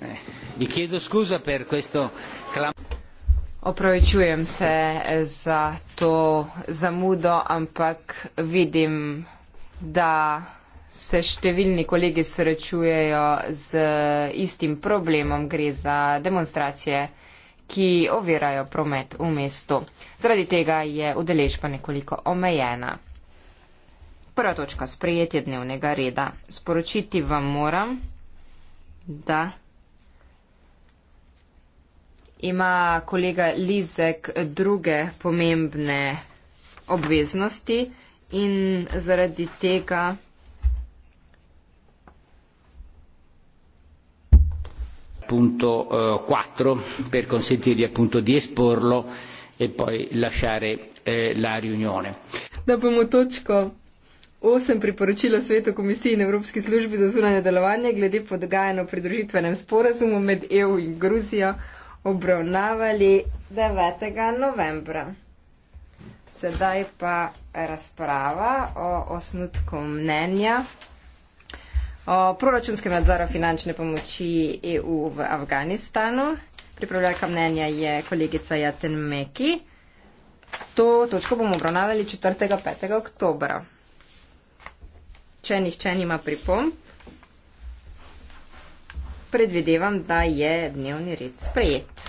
Eh, Opravičujem se za to zamudo, ampak vidim, da se številni kolegi srečujejo z istim problemom. Gre za demonstracije, ki ovirajo promet v mestu. Zaradi tega je udeležba nekoliko omejena. Prva točka sprejetje dnevnega reda. Sporočiti vam moram, da ima kolega Lizek druge pomembne obveznosti in zaradi tega. punto 4 eh, per consentirgli appunto di esporlo e poi lasciare eh, la riunione. Dopo točko 8 priporočilo Sveto komisiji in Evropski službi za zunanje delovanje glede podgajanja pridružitvenem sporazumu med EU in Gruzijo obravnavali 9. novembra. Sedaj pa razprava o osnutku mnenja o proračunskem nadzoru finančne pomoči EU v Afganistanu. Pripravljalka mnenja je kolegica Jaten Meki. To točko bomo obravnavali 4. 5. oktobra. Če nihče nima pripomb, predvidevam, da je dnevni red sprejet.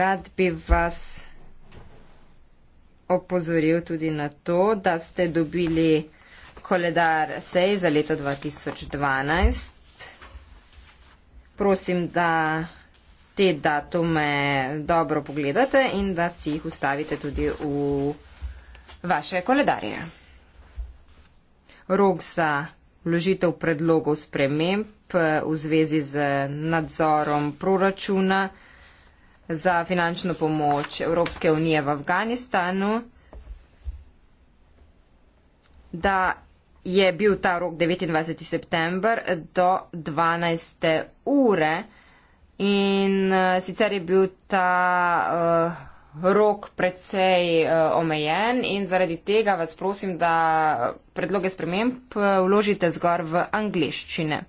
Rad bi vas opozoril tudi na to, da ste dobili koledar sej za leto 2012. Prosim, da te datume dobro pogledate in da si jih ustavite tudi v vaše koledarje rok za vložitev predlogov sprememb eh, v zvezi z nadzorom proračuna za finančno pomoč Evropske unije v Afganistanu, da je bil ta rok 29. september do 12. ure in eh, sicer je bil ta uh, rok precej eh, omejen in zaradi tega vas prosim, da predloge sprememb eh, vložite zgor v angliščine.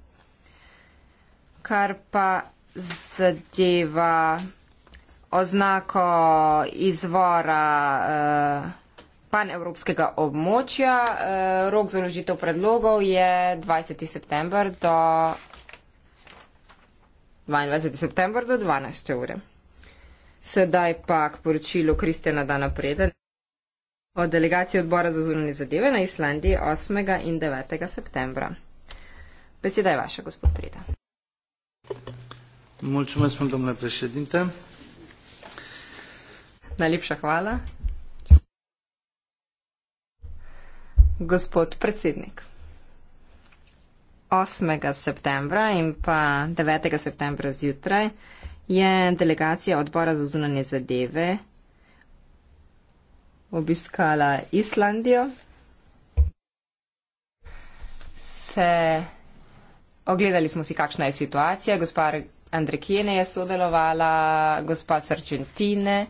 Kar pa zadeva oznako izvora eh, panevropskega območja, rok za vložitev predlogov je 20. september do 22. september do 12. ure. Sedaj pa k poročilu Kristjana Dana Preden o delegaciji odbora za zunanje zadeve na Islandiji 8. in 9. septembra. Beseda je vaša, gospod Preda. Mulčume smo domne prešednite. Najlepša hvala. Gospod predsednik. 8. septembra in pa 9. septembra zjutraj je delegacija odbora za zunanje zadeve obiskala Islandijo, se ogledali smo si, kakšna je situacija. Gospa Andrekijene je sodelovala, gospa Sargentine,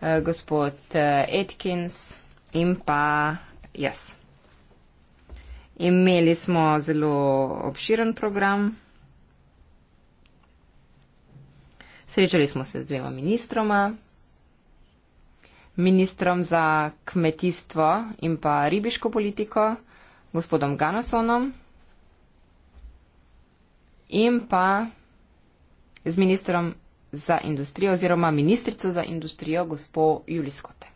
eh, gospod eh, Atkins in pa jaz. Imeli smo zelo obširen program. Srečali smo se z dvema ministroma, ministrom za kmetijstvo in pa ribiško politiko, gospodom Ganasonom in pa z ministrom za industrijo oziroma ministrico za industrijo, gospo Juliskote.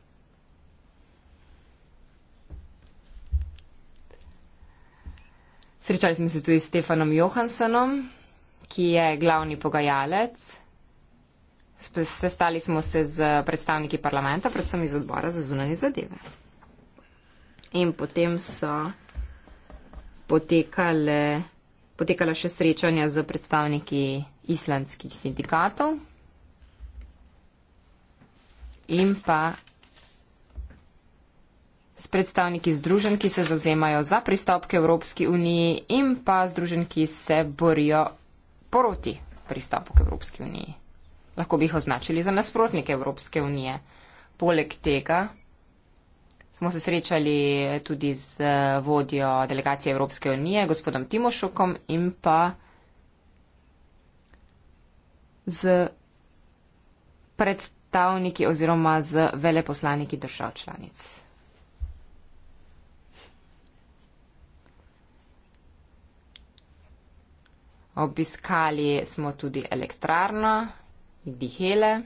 Srečali smo se tudi s Stefanom Johansonom, ki je glavni pogajalec Sestali smo se z predstavniki parlamenta, predvsem iz odbora za zunanje zadeve. In potem so potekale, potekala še srečanja z predstavniki islandskih sindikatov in pa s predstavniki združen, ki se zauzemajo za pristop k Evropski uniji in pa združen, ki se borijo proti pristopu k Evropski uniji lahko bi jih označili za nasprotnike Evropske unije. Poleg tega smo se srečali tudi z eh, vodjo delegacije Evropske unije, gospodom Timošukom in pa z predstavniki oziroma z veleposlaniki držav članic. Obiskali smo tudi elektrarno, Bihele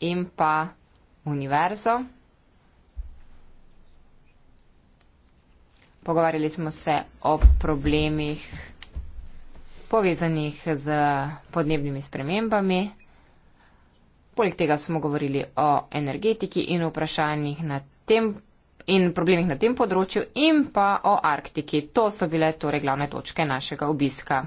in pa Univerzo. Pogovarjali smo se o problemih povezanih z podnebnimi spremembami. Poleg tega smo govorili o energetiki in vprašanjih na tem in problemih na tem področju in pa o Arktiki. To so bile torej glavne točke našega obiska.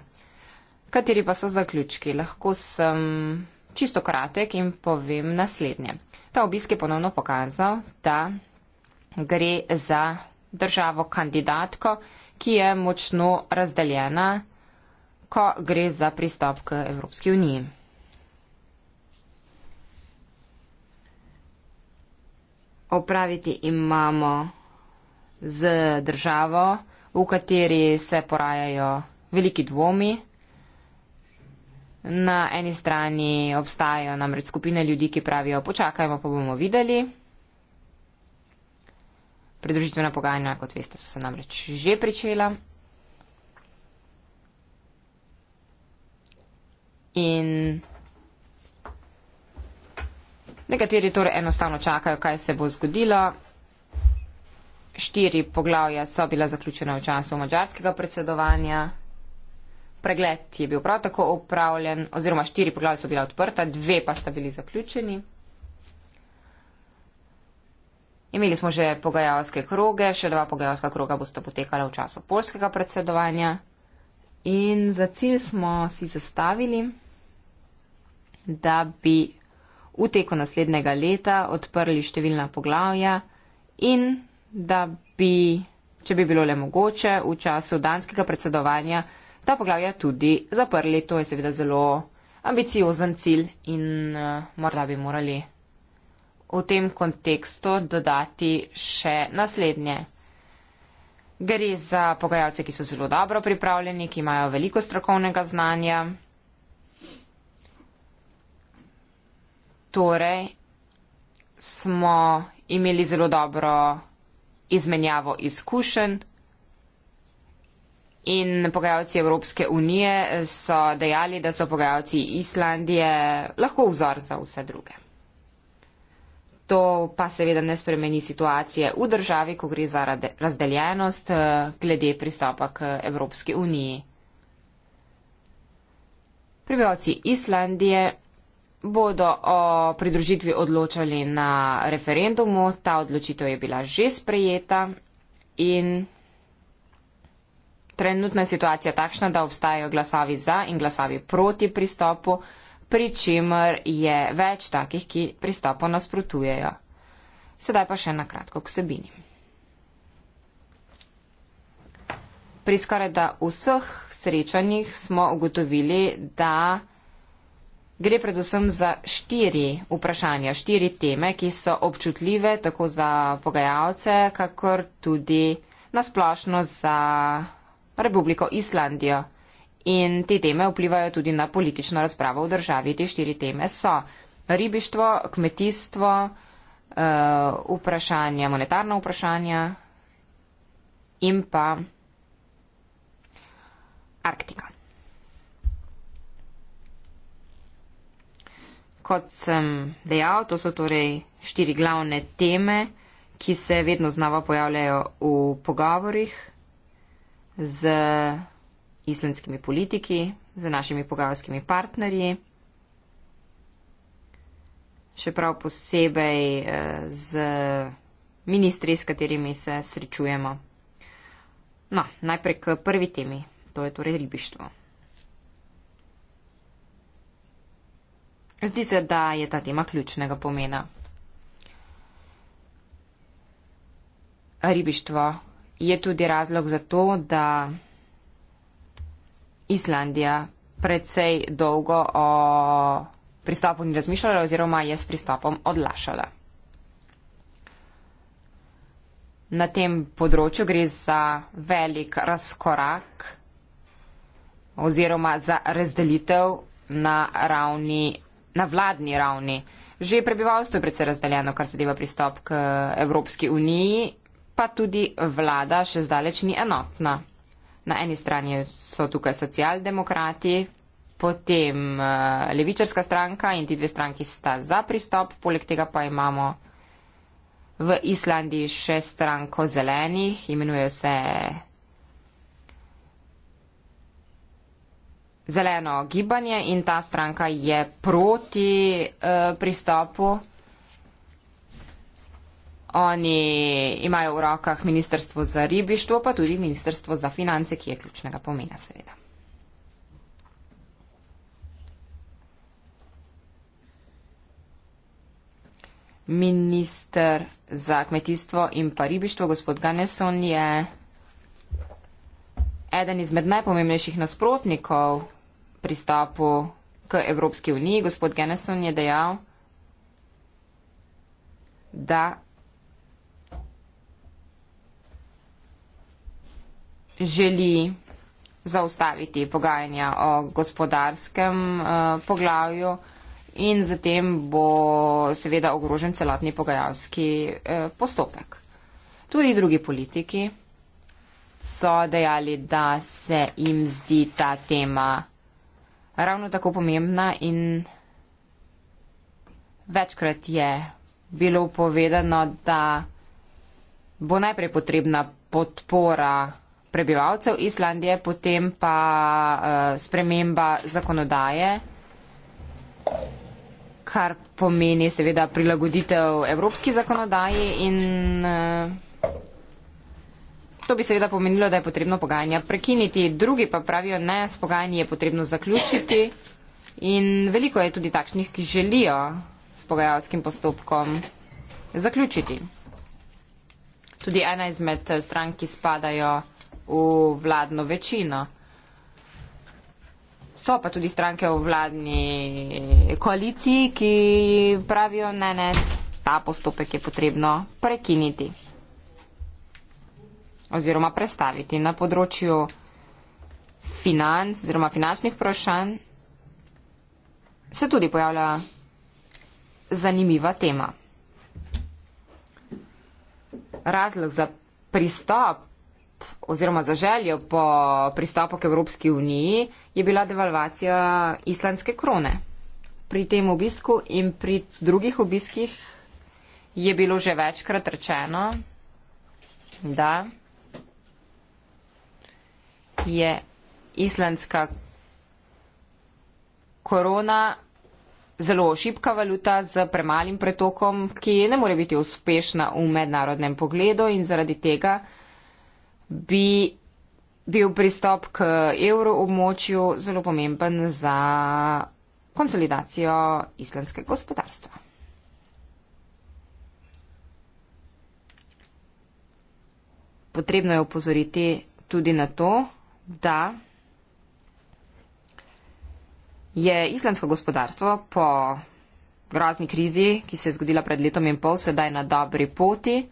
Kateri pa so zaključki? Lahko sem čisto kratek in povem naslednje. Ta obisk je ponovno pokazal, da gre za državo kandidatko, ki je močno razdeljena, ko gre za pristop k Evropski uniji. Opraviti imamo z državo, v kateri se porajajo veliki dvomi, Na eni strani obstajajo namreč skupine ljudi, ki pravijo, počakajmo, pa bomo videli. Pridružitvena pogajanja, kot veste, so se namreč že pričela. In nekateri torej enostavno čakajo, kaj se bo zgodilo. Štiri poglavja so bila zaključena v času mađarskega predsedovanja pregled je bil prav tako upravljen, oziroma štiri poglavja so bila odprta, dve pa sta bili zaključeni. Imeli smo že pogajalske kroge, še dva pogajalska kroga bosta potekala v času polskega predsedovanja. In za cilj smo si zastavili, da bi v teku naslednjega leta odprli številna poglavja in da bi, če bi bilo le mogoče, v času danskega predsedovanja ta poglavja tudi zaprli. To je seveda zelo ambiciozen cilj in uh, morda bi morali v tem kontekstu dodati še naslednje. Gre za pogajalce, ki so zelo dobro pripravljeni, ki imajo veliko strokovnega znanja. Torej smo imeli zelo dobro izmenjavo izkušenj, In pogajalci Evropske unije so dejali, da so pogajalci Islandije lahko vzor za vse druge. To pa seveda ne spremeni situacije v državi, ko gre za razdeljenost eh, glede pristopa k Evropski uniji. Prebivalci Islandije bodo o pridružitvi odločali na referendumu, ta odločitev je bila že sprejeta in Trenutna situacija takšna, da obstajajo glasovi za in glasovi proti pristopu, pri čemer je več takih, ki pristopu nasprotujejo. Sedaj pa še na kratko k sebini. Pri skoraj da vseh srečanjih smo ugotovili, da gre predvsem za štiri vprašanja, štiri teme, ki so občutljive tako za pogajalce, kakor tudi nasplošno za Republiko Islandijo. In te teme vplivajo tudi na politično razpravo v državi. Te štiri teme so ribištvo, kmetijstvo, eh, vprašanja, monetarna vprašanja in pa Arktika. Kot sem dejal, to so torej štiri glavne teme, ki se vedno znova pojavljajo v pogovorih z islandskimi politiki, z našimi pogajalskimi partnerji, še prav posebej eh, z ministri, s katerimi se srečujemo. No, najprej k prvi temi, to je torej ribištvo. Zdi se, da je ta tema ključnega pomena. Ribištvo je tudi razlog za to, da Islandija predvsej dolgo o pristopu ni razmišljala oziroma je s pristopom odlašala. Na tem področju gre za velik razkorak oziroma za razdelitev na, ravni, na vladni ravni. Že prebivalstvo je predvsej razdeljeno, kar zadeva pristop k Evropski uniji, pa tudi vlada še zdaleč ni enotna. Na eni strani so tukaj socialdemokrati, potem eh, levičarska stranka in ti dve stranki sta za pristop, poleg tega pa imamo v Islandiji še stranko zelenih, imenujejo se zeleno gibanje in ta stranka je proti uh, pristopu. Oni imajo v rokah Ministrstvo za ribištvo, pa tudi Ministrstvo za finance, ki je ključnega pomena, seveda. Ministr za kmetijstvo in pa ribištvo, gospod Ganeson, je eden izmed najpomembnejših nasprotnikov pristopu k Evropski uniji. Gospod Ganeson je dejal, da želi zaustaviti pogajanja o gospodarskem eh, poglavju in zatem bo seveda ogrožen celotni pogajalski eh, postopek. Tudi drugi politiki so dejali, da se jim zdi ta tema ravno tako pomembna in večkrat je bilo povedano, da bo najprej potrebna podpora prebivalcev Islandije, potem pa uh, sprememba zakonodaje, kar pomeni seveda prilagoditev evropski zakonodaji in uh, to bi seveda pomenilo, da je potrebno pogajanja prekiniti. Drugi pa pravijo, ne, s pogajanji je potrebno zaključiti in veliko je tudi takšnih, ki želijo s pogajalskim postopkom zaključiti. Tudi ena izmed eh, strank, ki spadajo v vladno večino. So pa tudi stranke v vladni koaliciji, ki pravijo, ne, ne, ta postopek je potrebno prekiniti oziroma prestaviti na področju financ oziroma finančnih vprašanj. Se tudi pojavlja zanimiva tema. Razlog za pristop oziroma za željo po pristopu k Evropski uniji je bila devalvacija islandske krone. Pri tem obisku in pri drugih obiskih je bilo že večkrat rečeno, da je islandska korona zelo šipka valuta z premalim pretokom, ki ne more biti uspešna v mednarodnem pogledu in zaradi tega bi bil pristop k evroobmočju zelo pomemben za konsolidacijo islamskega gospodarstva. Potrebno je upozoriti tudi na to, da je islamsko gospodarstvo po grozni krizi, ki se je zgodila pred letom in pol, sedaj na dobri poti.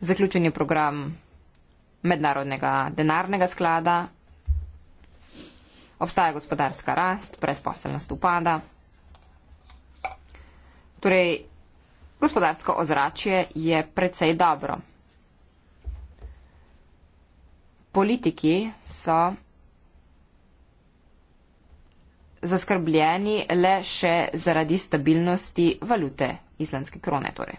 Zaključen je program mednarodnega denarnega sklada, obstaja gospodarska rast, brezposelnost upada. Torej, gospodarsko ozračje je precej dobro. Politiki so zaskrbljeni le še zaradi stabilnosti valute islandske krone. Torej.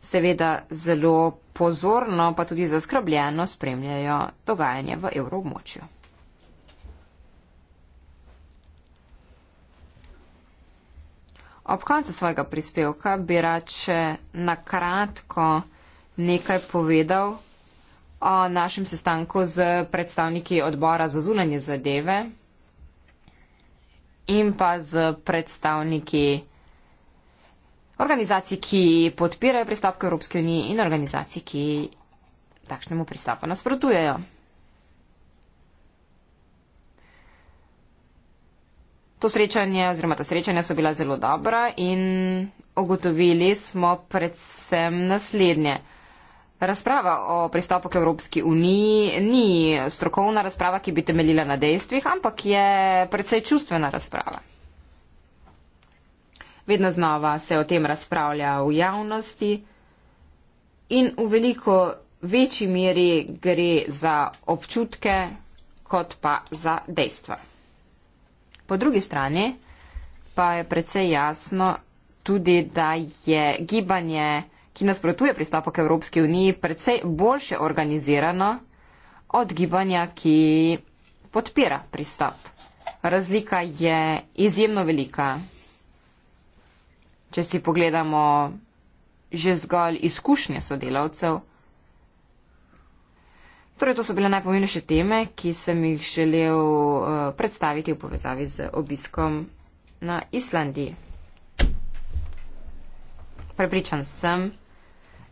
Seveda zelo pozorno pa tudi zaskrbljeno spremljajo dogajanje v evroobmočju. Ob koncu svojega prispevka bi rad še na kratko nekaj povedal o našem sestanku z predstavniki odbora za zunanje zadeve in pa z predstavniki organizacij, ki podpirajo pristop k Evropski uniji in organizacij, ki takšnemu pristopu nasprotujejo. To srečanje oziroma ta srečanja so bila zelo dobra in ugotovili smo predvsem naslednje. Razprava o pristopu k Evropski uniji ni strokovna razprava, ki bi temeljila na dejstvih, ampak je predvsej čustvena razprava vedno znova se o tem razpravlja v javnosti in v veliko večji meri gre za občutke kot pa za dejstva. Po drugi strani pa je precej jasno tudi, da je gibanje, ki nasprotuje pristopu k Evropski uniji, precej boljše organizirano od gibanja, ki podpira pristop. Razlika je izjemno velika če si pogledamo že zgolj izkušnje sodelavcev. Torej, to so bile najpomembnejše teme, ki sem jih želel uh, predstaviti v povezavi z obiskom na Islandiji. Prepričan sem,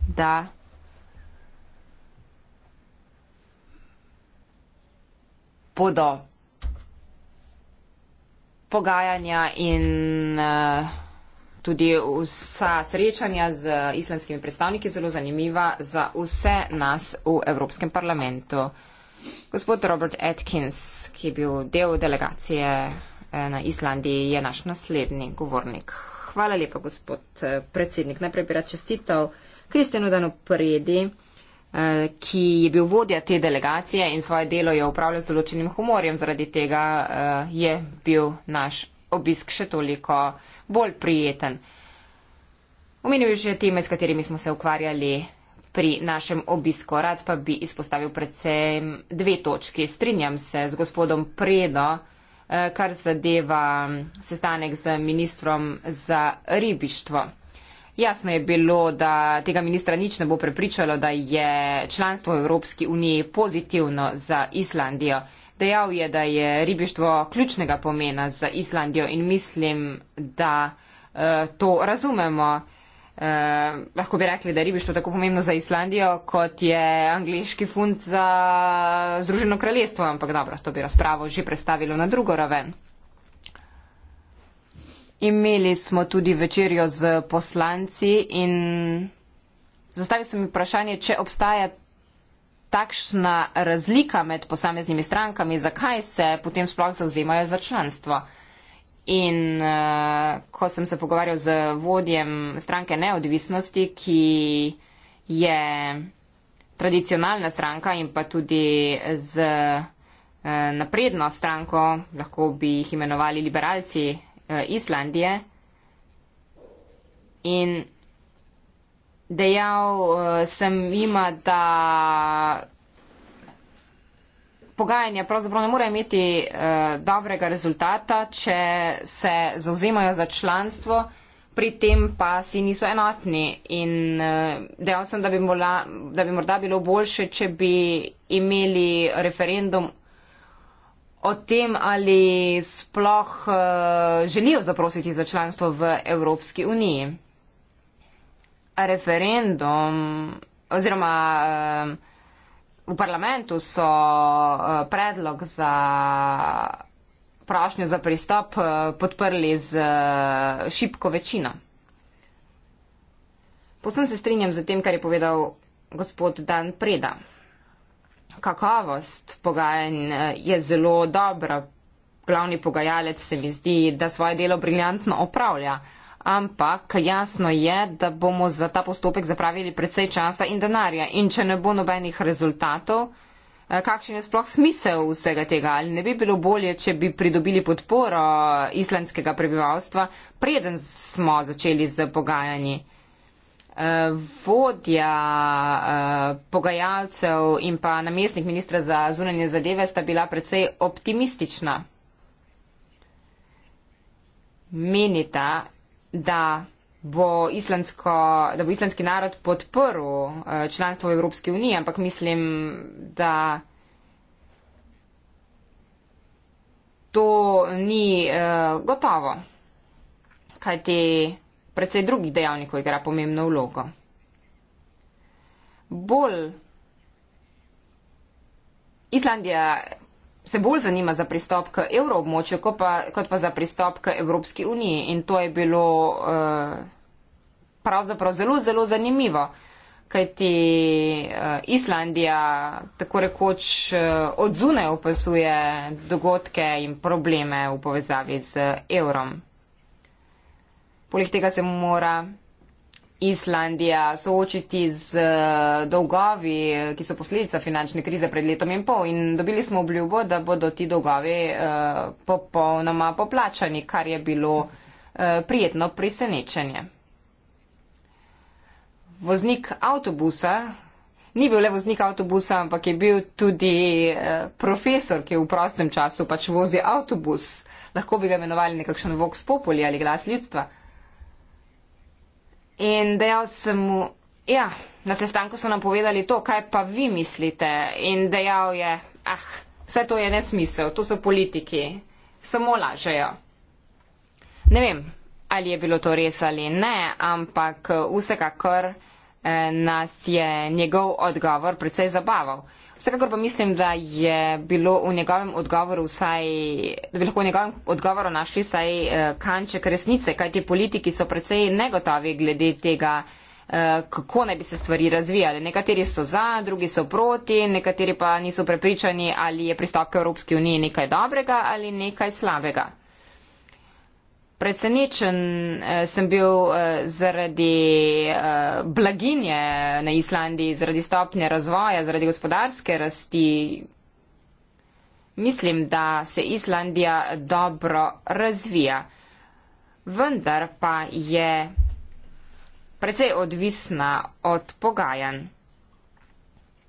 da. bodo pogajanja in uh, tudi vsa srečanja z islamskimi predstavniki zelo zanimiva za vse nas v Evropskem parlamentu. Gospod Robert Atkins, ki je bil del delegacije eh, na Islandiji, je naš naslednji govornik. Hvala lepa, gospod eh, predsednik. Najprej bi rad čestitev Kristjanu Danu Predi, eh, ki je bil vodja te delegacije in svoje delo je upravljal z določenim humorjem. Zaradi tega je bil naš obisk še toliko bolj prijeten. Omenil je že teme, s katerimi smo se ukvarjali pri našem obisku. Rad pa bi izpostavil predvsem dve točki. Strinjam se z gospodom Predo, eh, kar zadeva sestanek z ministrom za ribištvo. Jasno je bilo, da tega ministra nič ne bo prepričalo, da je članstvo v Evropski uniji pozitivno za Islandijo. Dejal je, da je ribištvo ključnega pomena za Islandijo in mislim, da eh, to razumemo. Eh, lahko bi rekli, da je ribištvo tako pomembno za Islandijo, kot je angliški fund za Združeno kraljestvo, ampak dobro, to bi razpravo že predstavilo na drugo raven. Imeli smo tudi večerjo z poslanci in zastavi se mi vprašanje, če obstaja takšna razlika med posameznimi strankami, zakaj se potem sploh zauzemajo za članstvo. In uh, ko sem se pogovarjal z vodjem stranke neodvisnosti, ki je tradicionalna stranka in pa tudi z uh, napredno stranko, lahko bi jih imenovali liberalci uh, Islandije. In dejal uh, sem jima, da pogajanja pravzaprav ne morejo imeti uh, dobrega rezultata, če se zauzemajo za članstvo, pri tem pa si niso enotni. In uh, dejal sem, da bi, mola, da bi morda bilo boljše, če bi imeli referendum o tem, ali sploh uh, želijo zaprositi za članstvo v Evropski uniji referendum oziroma eh, v parlamentu so eh, predlog za prošnjo za pristop eh, podprli z šipko večino. Posem se strinjam z tem, kar je povedal gospod Dan Preda. Kakovost pogajanj je zelo dobra. Glavni pogajalec se mi zdi, da svoje delo briljantno opravlja ampak jasno je, da bomo za ta postopek zapravili predvsej časa in denarja. In če ne bo nobenih rezultatov, eh, kakšen je sploh smisel vsega tega? Ali ne bi bilo bolje, če bi pridobili podporo eh, islandskega prebivalstva, preden smo začeli z pogajanji? Eh, vodja pogajalcev in pa namestnik ministra za zunanje zadeve sta bila predvsej optimistična. Menita, da bo, da bo islandski narod podprl eh, članstvo v Evropski uniji, ampak mislim, da to ni uh, gotovo, kajti predvsej drugih dejavnikov igra pomembno vlogo. Bolj Islandija se bolj zanima za pristop k evroobmočju, kot, kot pa za pristop k Evropski uniji. In to je bilo uh, pravzaprav zelo, zelo zanimivo, kajti uh, Islandija tako rekoč uh, eh, odzune opazuje dogodke in probleme v povezavi z evrom. Poleg tega se mora Islandija soočiti z eh, dolgovi, ki so posledica finančne krize pred letom in pol. In dobili smo obljubo, da bodo ti dolgovi eh, popolnoma poplačani, kar je bilo eh, prijetno presenečenje. Voznik avtobusa. Ni bil le voznik avtobusa, ampak je bil tudi profesor, ki v prostem času pač vozi avtobus. Lahko bi ga imenovali nekakšen Vox Populi ali glas ljudstva. In dejal sem mu, ja, na sestanku so nam povedali to, kaj pa vi mislite. In dejal je, ah, vse to je nesmisel, to so politiki, samo lažejo. Ne vem, ali je bilo to res ali ne, ampak vsekakor eh, nas je njegov odgovor precej zabaval. Vsekakor pa mislim, da je bilo v njegovem odgovoru vsaj, da bi lahko v njegovem odgovoru našli vsaj eh, kanček resnice, kaj ti politiki so precej negotovi glede tega, eh, kako naj bi se stvari razvijale. Nekateri so za, drugi so proti, nekateri pa niso prepričani, ali je pristop k Evropski uniji nekaj dobrega ali nekaj slabega presenečen eh, sem bil eh, zaradi eh, blaginje na Islandiji, zaradi stopnje razvoja, zaradi gospodarske rasti. Mislim, da se Islandija dobro razvija, vendar pa je precej odvisna od pogajanj.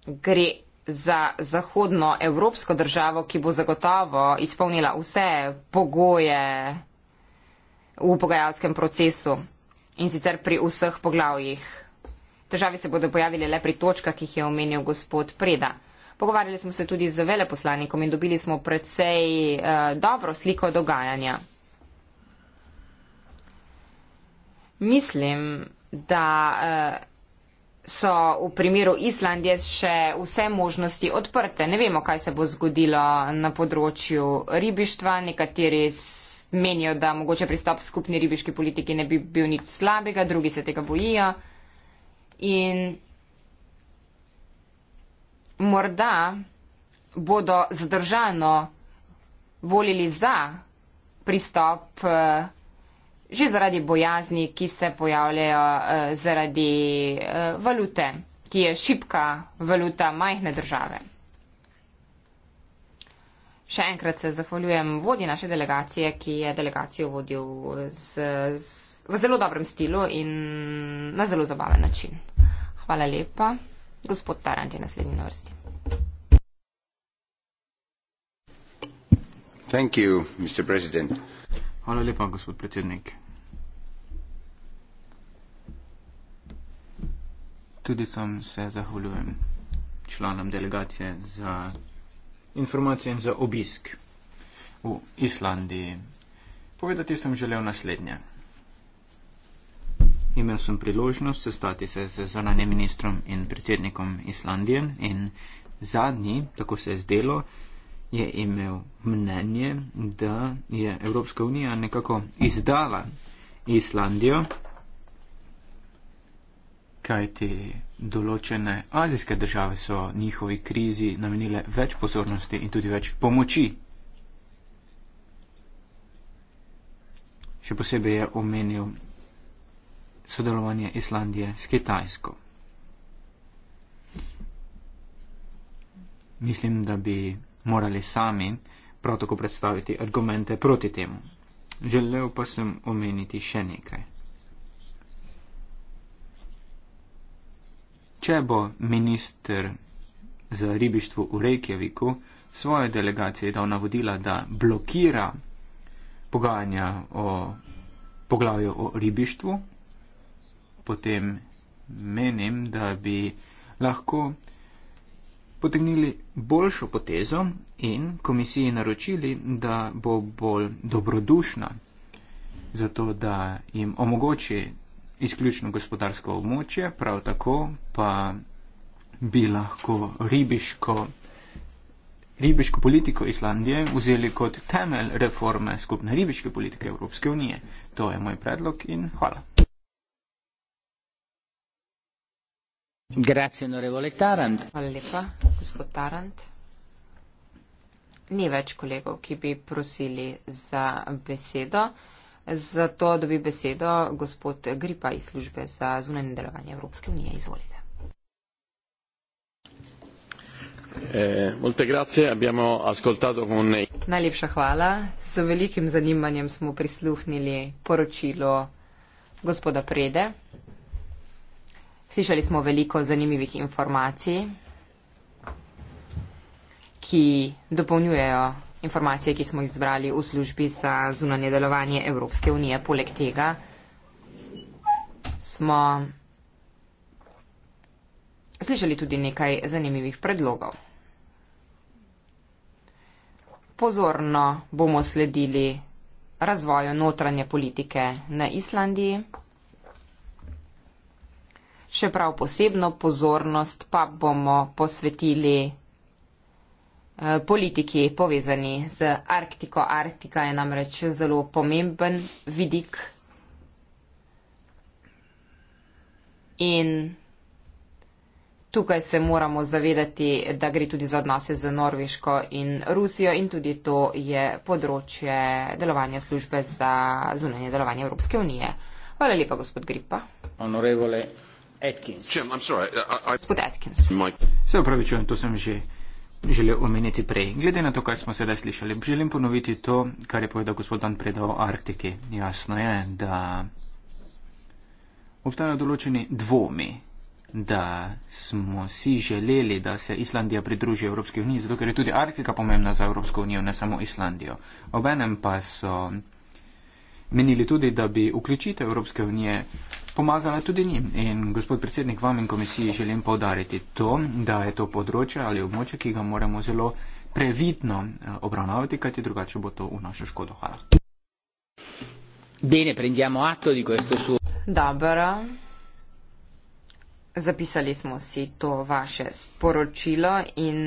Gre za zahodno evropsko državo, ki bo zagotovo izpolnila vse pogoje v pogajalskem procesu in sicer pri vseh poglavjih. Težave se bodo pojavile le pri točkah, ki jih je omenil gospod Preda. Pogovarjali smo se tudi z veleposlanikom in dobili smo predvsej eh, dobro sliko dogajanja. Mislim, da eh, so v primeru Islandije še vse možnosti odprte. Ne vemo, kaj se bo zgodilo na področju ribištva. Nekateri menijo, da mogoče pristop skupni ribiški politiki ne bi bil nič slabega, drugi se tega bojijo. In morda bodo zadržano volili za pristop eh, že zaradi bojazni, ki se pojavljajo eh, zaradi eh, valute, ki je šipka valuta majhne države. Še enkrat se zahvaljujem vodji naše delegacije, ki je delegacijo vodil z, z, v zelo dobrem stilu in na zelo zabaven način. Hvala lepa. Gospod Tarant je naslednji na vrsti. Thank you, Mr. President. Hvala lepa, gospod predsednik. Tudi sam se zahvaljujem članom delegacije za informacije in za obisk v Islandiji. Povedati sem želel naslednje. Imel sem priložnost sestati se z zananjem ministrom in predsednikom Islandije in zadnji, tako se je zdelo, je imel mnenje, da je Evropska unija nekako izdala Islandijo, kajti določene azijske države so njihovi krizi namenile več pozornosti in tudi več pomoči. Še posebej je omenil sodelovanje Islandije s Kitajsko. Mislim, da bi morali sami prav tako predstaviti argumente proti temu. Želel pa sem omeniti še nekaj. Če bo minister za ribištvo v Reykjaviku svoje delegacije dal navodila, da blokira pogajanja o poglavju o ribištvu, potem menim, da bi lahko potegnili boljšo potezo in komisiji naročili, da bo bolj dobrodušna, zato da jim omogoči izključno gospodarsko območje, prav tako pa bi lahko ribiško, ribiško politiko Islandije vzeli kot temelj reforme skupne ribiške politike Evropske unije. To je moj predlog in hvala. Grazie, onorevole Tarant. Hvala lepa, gospod Tarant. Ni več kolegov, ki bi prosili za besedo. Zato dobi besedo gospod Gripa iz službe za zunanje delovanje Evropske unije. Izvolite. Eh, Najlepša hvala. Z velikim zanimanjem smo prisluhnili poročilo gospoda Prede. Slišali smo veliko zanimivih informacij, ki dopolnjujejo informacije, ki smo jih zbrali v službi za zunanje delovanje Evropske unije. Poleg tega smo slišali tudi nekaj zanimivih predlogov. Pozorno bomo sledili razvoju notranje politike na Islandiji. Še prav posebno pozornost pa bomo posvetili Eh, politiki povezani z Arktiko. Arktika je namreč zelo pomemben vidik in tukaj se moramo zavedati, da gre tudi za odnose z Norveško in Rusijo in tudi to je področje delovanja službe za zunanje delovanje Evropske unije. Hvala lepa, gospod Gripa. Honorable Atkins. Jim, I'm sorry. I, I... Gospod Atkins. Mike. Se upravičujem, to sem že želel omeniti prej. Glede na to, kaj smo sedaj slišali, želim ponoviti to, kar je povedal gospod Dan Preda o Arktiki. Jasno je, da obstajajo določeni dvomi, da smo si želeli, da se Islandija pridruži Evropski uniji, zato ker je tudi Arktika pomembna za Evropsko unijo, ne samo Islandijo. Obenem pa so menili tudi, da bi vključitev Evropske unije pomagala tudi njim. In gospod predsednik, vam in komisiji želim povdariti to, da je to področje ali območje, ki ga moramo zelo previdno eh, obravnavati, kajti drugače bo to v našo škodo. Hvala. Bene, prendiamo atto di questo suo. Dobro. Zapisali smo si to vaše sporočilo in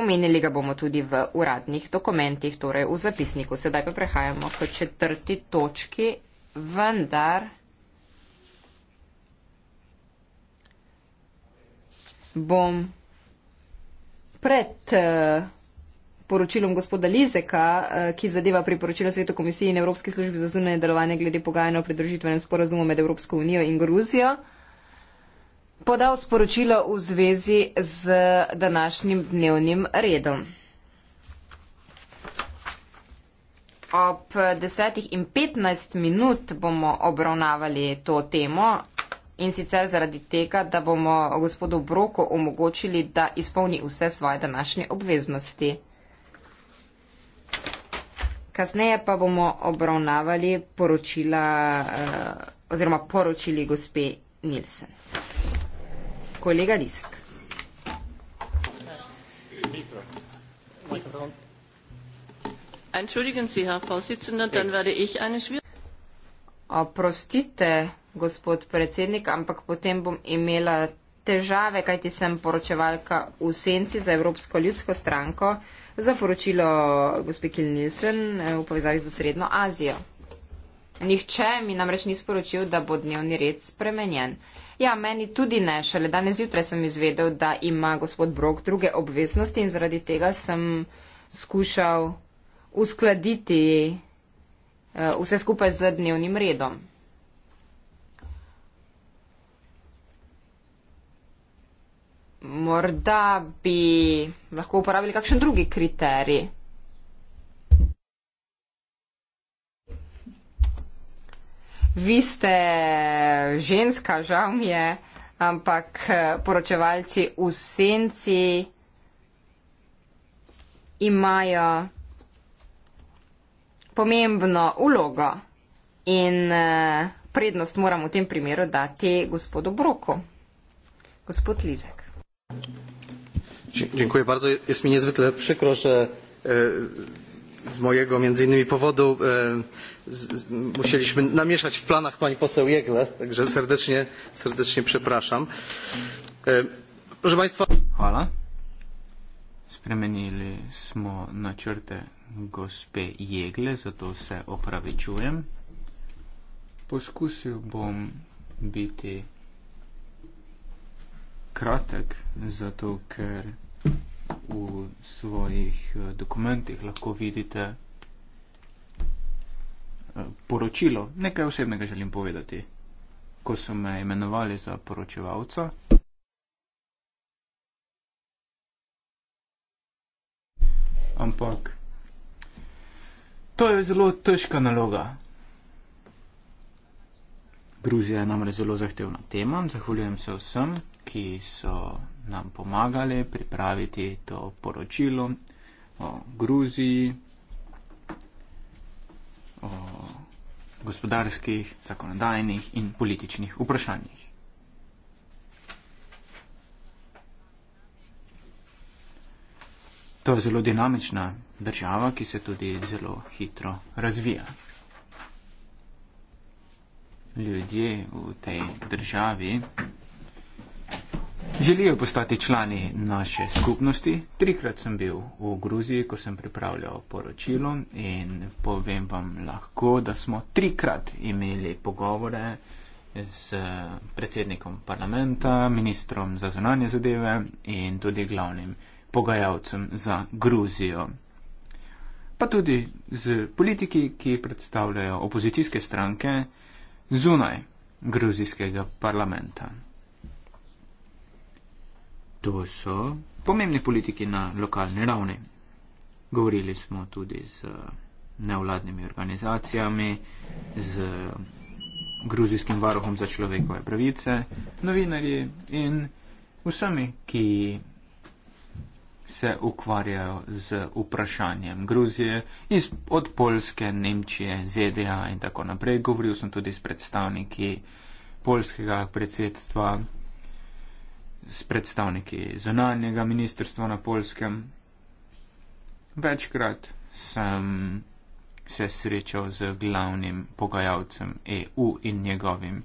omenili ga bomo tudi v uradnih dokumentih, torej v zapisniku. Sedaj pa prehajamo k četrti točki vendar bom pred eh, poročilom gospoda Lizeka, eh, ki zadeva priporočilo Sveto komisiji in Evropski službi za zunanje delovanje glede pogajanja o pridružitvenem sporazumu med Evropsko unijo in Gruzijo, podal sporočilo v zvezi z današnjim dnevnim redom. ob 10 in 15 minut bomo obravnavali to temo in sicer zaradi tega, da bomo gospodu Broko omogočili, da izpolni vse svoje današnje obveznosti. Kasneje pa bomo obravnavali poročila eh, oziroma poročili gospe Nilsen. Kolega Lisek. Mikro. Mikro. Entschuldigen Sie, Herr Vorsitzender, dann ja. werde ich eine Oprostite, gospod predsednik, ampak potem bom imela težave, kajti sem poročevalka v senci za Evropsko ljudsko stranko za poročilo gospe Kil Nilsen eh, v povezavi z Srednjo Azijo. Nihče mi namreč ni sporočil, da bo dnevni red spremenjen. Ja, meni tudi ne, šele danes zjutraj sem izvedel, da ima gospod Brok druge obveznosti in zaradi tega sem skušal uskladiti eh, vse skupaj z dnevnim redom. Morda bi lahko uporabili kakšen drugi kriterij. Vi ste ženska, žal mi je, ampak eh, poročevalci v senci imajo pomembno ulogo in eh, prednost moram v tem primeru dati gospodu Broku. Gospod Lizek. Dziękuję bardzo. Jest mi niezwykle przykro, że e, z mojego między innymi powodu e, z, z, musieliśmy namieszać w planach pani poseł Jegle, także serdecznie, serdecznie przepraszam. E, proszę Państwa. Hola. Spremenili smo načrte gospe Jegle, zato se opravičujem. Poskusil bom biti kratek, zato ker v svojih eh, dokumentih lahko vidite eh, poročilo. Nekaj osebnega želim povedati. Ko so me imenovali za poročevalca, ampak to je zelo težka naloga. Gruzija je namreč zelo zahtevna tema. Zahvaljujem se vsem, ki so nam pomagali pripraviti to poročilo o Gruziji, o gospodarskih, zakonodajnih in političnih vprašanjih. To je zelo dinamična država, ki se tudi zelo hitro razvija. Ljudje v tej državi želijo postati člani naše skupnosti. Trikrat sem bil v Gruziji, ko sem pripravljal poročilo in povem vam lahko, da smo trikrat imeli pogovore z predsednikom parlamenta, ministrom za zunanje zadeve in tudi glavnim pogajalcem za Gruzijo. Pa tudi z politiki, ki predstavljajo opozicijske stranke zunaj gruzijskega parlamenta. To so pomembni politiki na lokalni ravni. Govorili smo tudi z eh, nevladnimi organizacijami, z gruzijskim varuhom za človekove pravice, novinarji in vsemi, ki se ukvarjajo z vprašanjem Gruzije iz, od Polske, Nemčije, ZDA in tako naprej. Govoril sem tudi s predstavniki polskega predsedstva, s predstavniki zonalnega ministrstva na polskem. Večkrat sem se srečal z glavnim pogajalcem EU in njegovim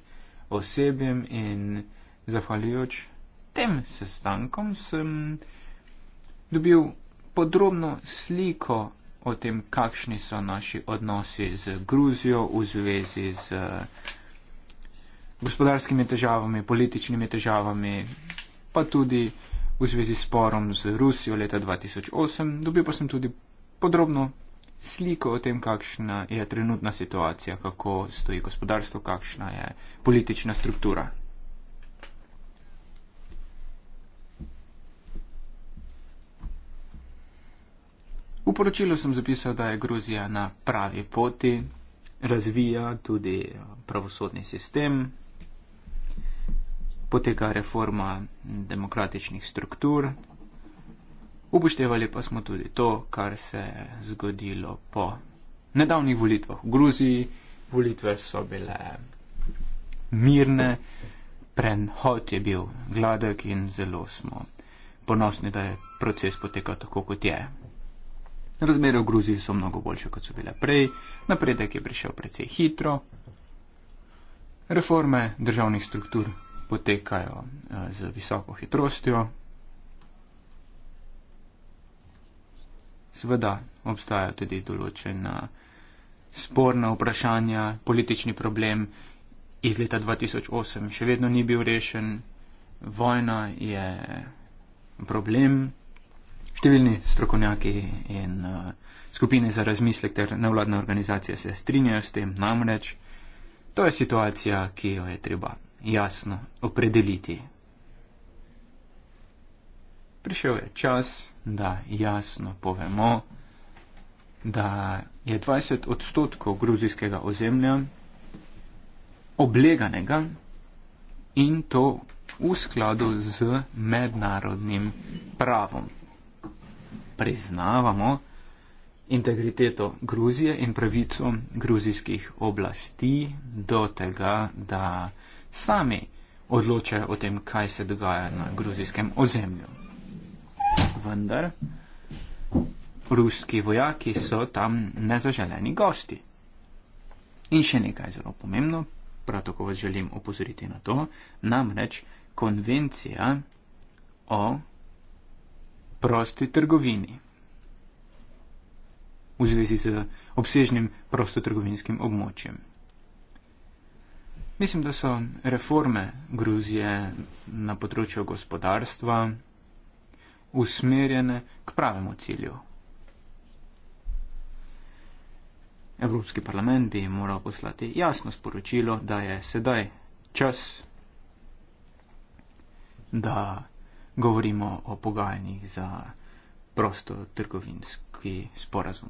osebjem in zahvaljujoč tem sestankom sem dobil podrobno sliko o tem, kakšni so naši odnosi z Gruzijo v zvezi z eh, gospodarskimi težavami, političnimi težavami, pa tudi v zvezi s sporom z Rusijo leta 2008. Dobil pa sem tudi podrobno sliko o tem, kakšna je trenutna situacija, kako stoji gospodarstvo, kakšna je politična struktura. poročilu sem zapisal, da je Gruzija na pravi poti, razvija tudi pravosodni sistem, poteka reforma demokratičnih struktur. Upoštevali pa smo tudi to, kar se je zgodilo po nedavnih volitvah v Gruziji. Volitve so bile mirne, prenhod je bil gladek in zelo smo ponosni, da je proces potekal tako, kot je. Razmere v Gruziji so mnogo boljše, kot so bile prej, napredek je prišel precej hitro, reforme državnih struktur potekajo eh, z visoko hitrostjo. Sveda obstajajo tudi določena sporna vprašanja, politični problem iz leta 2008 še vedno ni bil rešen, vojna je problem številni strokovnjaki in uh, skupine za razmislek ter nevladne organizacije se strinjajo s tem. Namreč to je situacija, ki jo je treba jasno opredeliti. Prišel je čas, da jasno povemo, da je 20 odstotkov gruzijskega ozemlja obleganega in to v skladu z mednarodnim pravom priznavamo integriteto Gruzije in pravico gruzijskih oblasti do tega, da sami odločajo o tem, kaj se dogaja na gruzijskem ozemlju. Vendar ruski vojaki so tam nezaželeni gosti. In še nekaj zelo pomembno, prav tako vas želim opozoriti na to, namreč konvencija o prosti trgovini. V zvezi z obsežnim prostotrgovinskim območjem. Mislim, da so reforme Gruzije na področju gospodarstva usmerjene k pravemu cilju. Evropski parlament bi moral poslati jasno sporočilo, da je sedaj čas, da govorimo o pogajanjih za prosto trgovinski sporazum.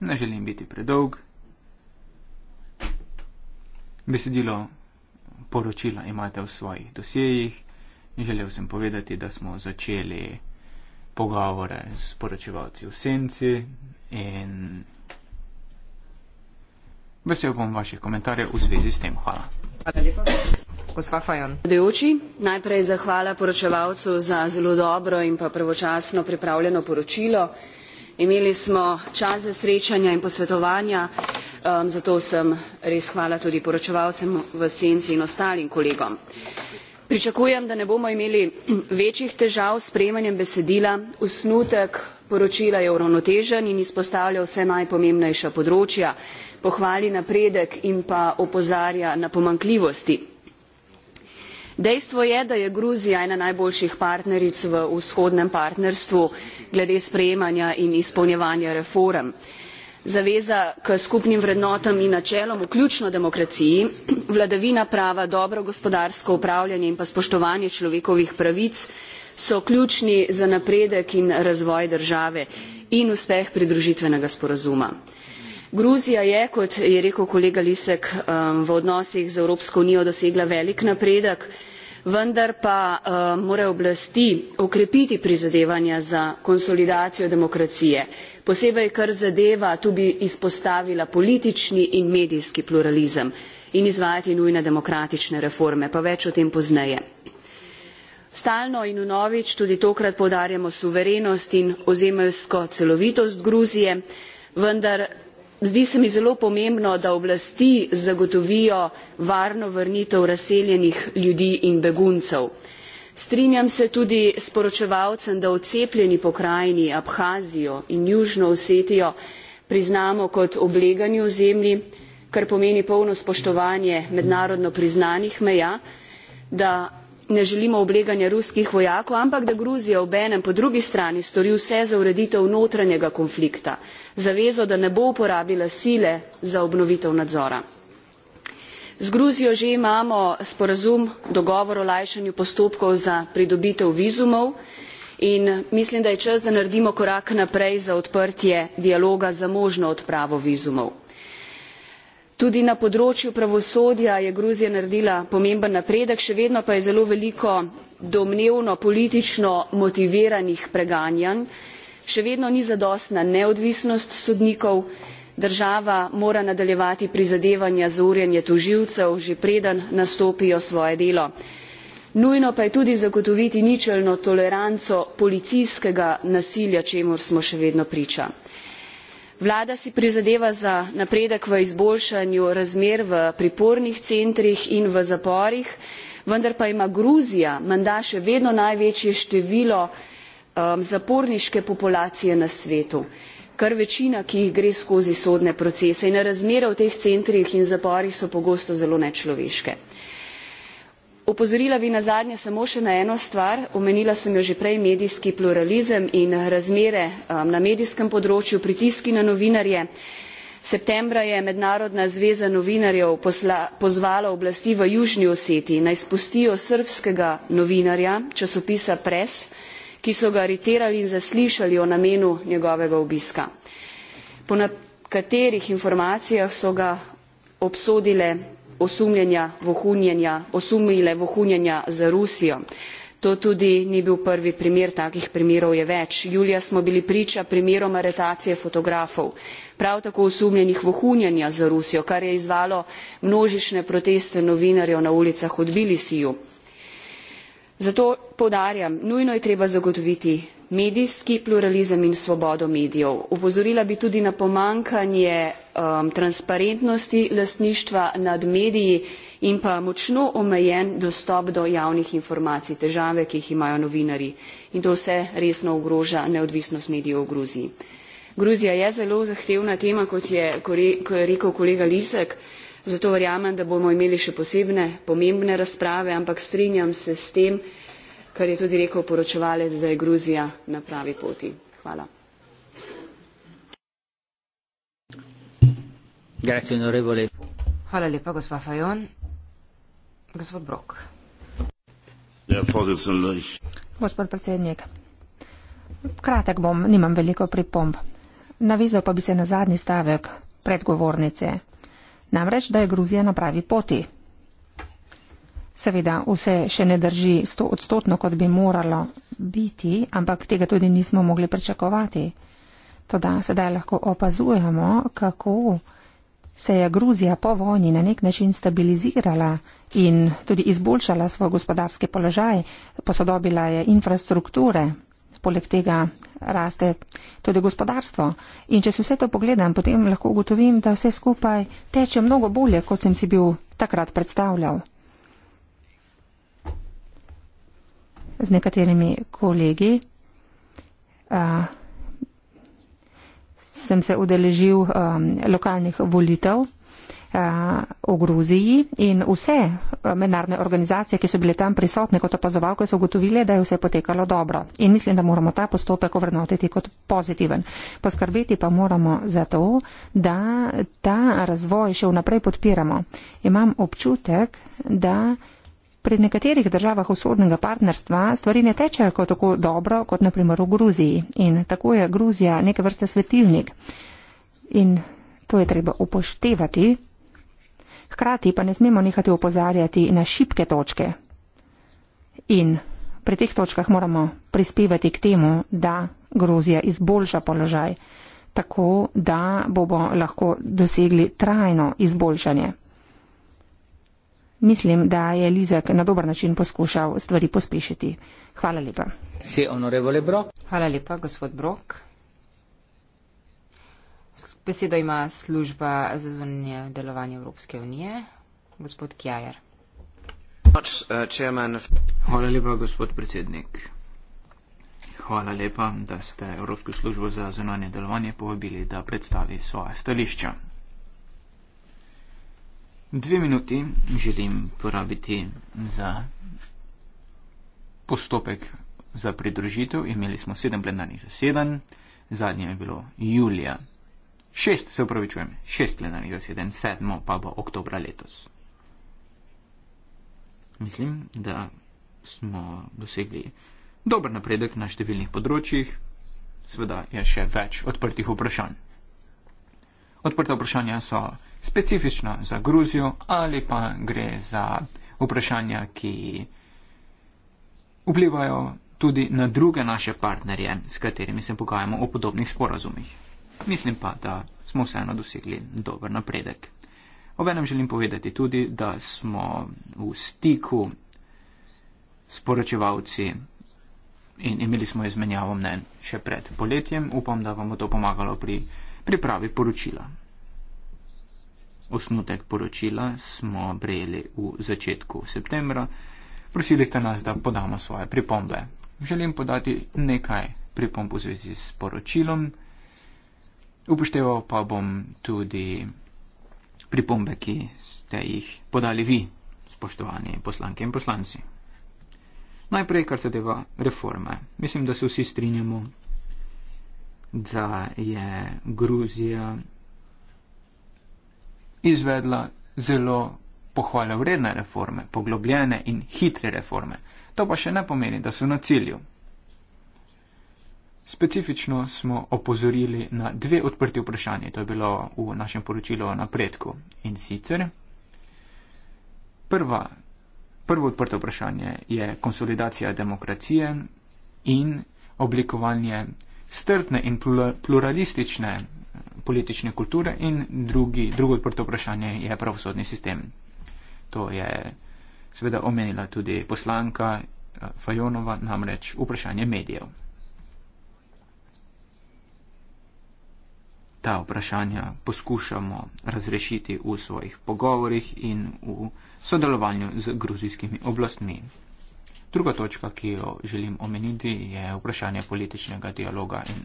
Ne želim biti predolg. Besedilo poročila imate v svojih dosjejih. Želel sem povedati, da smo začeli pogovore s poročevalci v senci in Vesel bom vaših komentarjev v zvezi s tem. Hvala. Hvala lepa. Gospa Fajon. Predsedujoči, najprej zahvala poročevalcu za zelo dobro in pa pravočasno pripravljeno poročilo. Imeli smo čas za srečanja in posvetovanja, um, zato sem res hvala tudi poročevalcem v senci in ostalim kolegom. Pričakujem, da ne bomo imeli večjih težav s prejemanjem besedila. Osnutek poročila je uravnotežen in izpostavlja vse najpomembnejša področja pohvali napredek in pa opozarja na pomankljivosti. dejstvo je da je gruzija ena najboljših partneric v vzhodnem partnerstvu glede sprejemanja in izpolnjevanja reform. zaveza k skupnim vrednotam in načelom vključno demokraciji vladavina prava dobro gospodarsko upravljanje in pa spoštovanje človekovih pravic so ključni za napredek in razvoj države in uspeh pridružitvenega sporazuma gruzija je kot je rekel kolega lisek um, v odnosih z evropsko unijo dosegla velik napredek vendar pa um, morajo oblasti okrepiti prizadevanja za konsolidacijo demokracije posebej kar zadeva tu bi izpostavila politični in medijski pluralizem in izvajati nujne demokratične reforme pa več o tem pozneje. stalno in vnovič tudi tokrat poudarjamo suverenost in ozemeljsko celovitost gruzije vendar zdi se mi zelo pomembno da oblasti zagotovijo varno vrnitev razseljenih ljudi in beguncev. strinjam se tudi s poročevalcem da odcepljeni pokrajini abhazijo in južno osetijo priznamo kot oblegani ozemlji kar pomeni polno spoštovanje mednarodno priznanih meja da ne želimo obleganja ruskih vojakov ampak da gruzija obenem po drugi strani stori vse za ureditev notranjega konflikta zavezo da ne bo uporabila sile za obnovitev nadzora. z gruzijo že imamo sporazum dogovor o lajšanju postopkov za pridobitev vizumov in mislim da je čas da naredimo korak naprej za odprtje dialoga za možno odpravo vizumov. tudi na področju pravosodja je gruzija naredila pomemben napredek še vedno pa je zelo veliko domnevno politično motiviranih preganjanj še vedno ni zadostna neodvisnost sodnikov država mora nadaljevati prizadevanja za urjenje tožilcev že preden nastopijo svoje delo nujno pa je tudi zagotoviti ničelno toleranco policijskega nasilja čemur smo še vedno priča Vlada si prizadeva za napredek v izboljšanju razmer v pripornih centrih in v zaporih, vendar pa ima Gruzija menda še vedno največje število Um, zaporniške populacije na svetu kar večina ki jih gre skozi sodne procese in razmere v teh centrih in zaporih so pogosto zelo nečloveške. opozorila bi nazadnje samo še na eno stvar omenila sem jo že prej medijski pluralizem in razmere um, na medijskem področju pritiski na novinarje. septembra je mednarodna zveza novinarjev pozvala oblasti v južni osetiji naj spustijo srbskega novinarja časopisa press ki so ga aretirali in zaslišali o namenu njegovega obiska. Po nekaterih informacijah so ga obsodile osumljenja vohunjenja, osumile vohunjenja za Rusijo. To tudi ni bil prvi primer, takih primerov je več. Julija smo bili priča primerom aretacije fotografov, prav tako osumljenih vohunjenja za Rusijo, kar je izvalo množične proteste novinarjev na ulicah v Tbilisiju zato poudarjam nujno je treba zagotoviti medijski pluralizem in svobodo medijev opozorila bi tudi na pomanjkanje um, transparentnosti lastništva nad mediji in pa močno omejen dostop do javnih informacij težave ki jih imajo novinarji in to vse resno ogroža neodvisnost medijev v gruziji. gruzija je zelo zahtevna tema kot je rekel kolega lisek zato verjamem, da bomo imeli še posebne pomembne razprave, ampak strinjam se s tem, kar je tudi rekel poročevalec, da je Gruzija na pravi poti. Hvala. Hvala lepa, gospod Fajon. Gospod Brok. Ja, gospod predsednik, kratek bom, nimam veliko pripomb. Navizal pa bi se na zadnji stavek predgovornice, namreč da je Gruzija na pravi poti. Seveda vse še ne drži sto odstotno, kot bi moralo biti, ampak tega tudi nismo mogli pričakovati. Toda sedaj lahko opazujemo, kako se je Gruzija po vojni na nek način stabilizirala in tudi izboljšala svoj gospodarski položaj, posodobila je infrastrukture, poleg tega raste tudi gospodarstvo. In če se vse to pogledam, potem lahko ugotovim, da vse skupaj teče mnogo bolje, kot sem si bil takrat predstavljal. Z nekaterimi kolegi a, sem se udeležil a, lokalnih volitev. Eh, v Gruziji in vse eh, mednarodne organizacije, ki so bile tam prisotne kot opazovalke, so ugotovile, da je vse potekalo dobro. In mislim, da moramo ta postopek ovrednotiti kot pozitiven. Poskrbeti pa moramo za to, da ta razvoj še vnaprej podpiramo. Imam občutek, da pri nekaterih državah vzhodnega partnerstva stvari ne tečejo kot tako dobro, kot naprimer v Gruziji. In tako je Gruzija neke vrste svetilnik. In to je treba upoštevati. Hkrati pa ne smemo nehati opozarjati na šibke točke. In pri teh točkah moramo prispevati k temu, da Gruzija izboljša položaj, tako da bomo lahko dosegli trajno izboljšanje. Mislim, da je Lizak na dober način poskušal stvari pospešiti. Hvala lepa. Hvala lepa, gospod Brok. Besedo ima služba za zunanje delovanje Evropske unije, gospod Kjajer. Hvala lepa, gospod predsednik. Hvala lepa, da ste Evropsko službo za zunanje delovanje povabili, da predstavi svoje stališča. Dve minuti želim porabiti za postopek za pridružitev. Imeli smo sedem plenarnih zasedanj, zadnje je bilo julija Šest, se upravičujem, šest gledanih besed, en sedmo pa bo oktobra letos. Mislim, da smo dosegli dober napredek na številnih področjih, seveda je še več odprtih vprašanj. Odprta vprašanja so specifična za Gruzijo ali pa gre za vprašanja, ki vplivajo tudi na druge naše partnerje, s katerimi se pogajamo o podobnih sporazumih. Mislim pa, da smo vseeno dosegli dober napredek. Obenem želim povedati tudi, da smo v stiku s poročevalci in imeli smo izmenjavo mnen še pred poletjem. Upam, da vam bo to pomagalo pri pripravi poročila. Osnutek poročila smo prejeli v začetku septembra. Prosili ste nas, da podamo svoje pripombe. Želim podati nekaj pripomb v zvezi s poročilom upošteval pa bom tudi pripombe, ki ste jih podali vi, spoštovani poslanke in poslanci. Najprej, kar se deva reforme. Mislim, da se vsi strinjamo, da je Gruzija izvedla zelo pohvale vredne reforme, poglobljene in hitre reforme. To pa še ne pomeni, da so na cilju. Specifično smo opozorili na dve odprti vprašanje, to je bilo v našem poročilu o napredku. In sicer prva, prvo odprto vprašanje je konsolidacija demokracije in oblikovanje strpne in pluralistične eh, politične kulture in drugi, drugo odprto vprašanje je pravosodni sistem. To je seveda omenila tudi poslanka eh, Fajonova, namreč vprašanje medijev. ta vprašanja poskušamo razrešiti v svojih pogovorjih in v sodelovanju z gruzijskimi oblastmi. Druga točka, ki jo želim omeniti, je vprašanje političnega dialoga in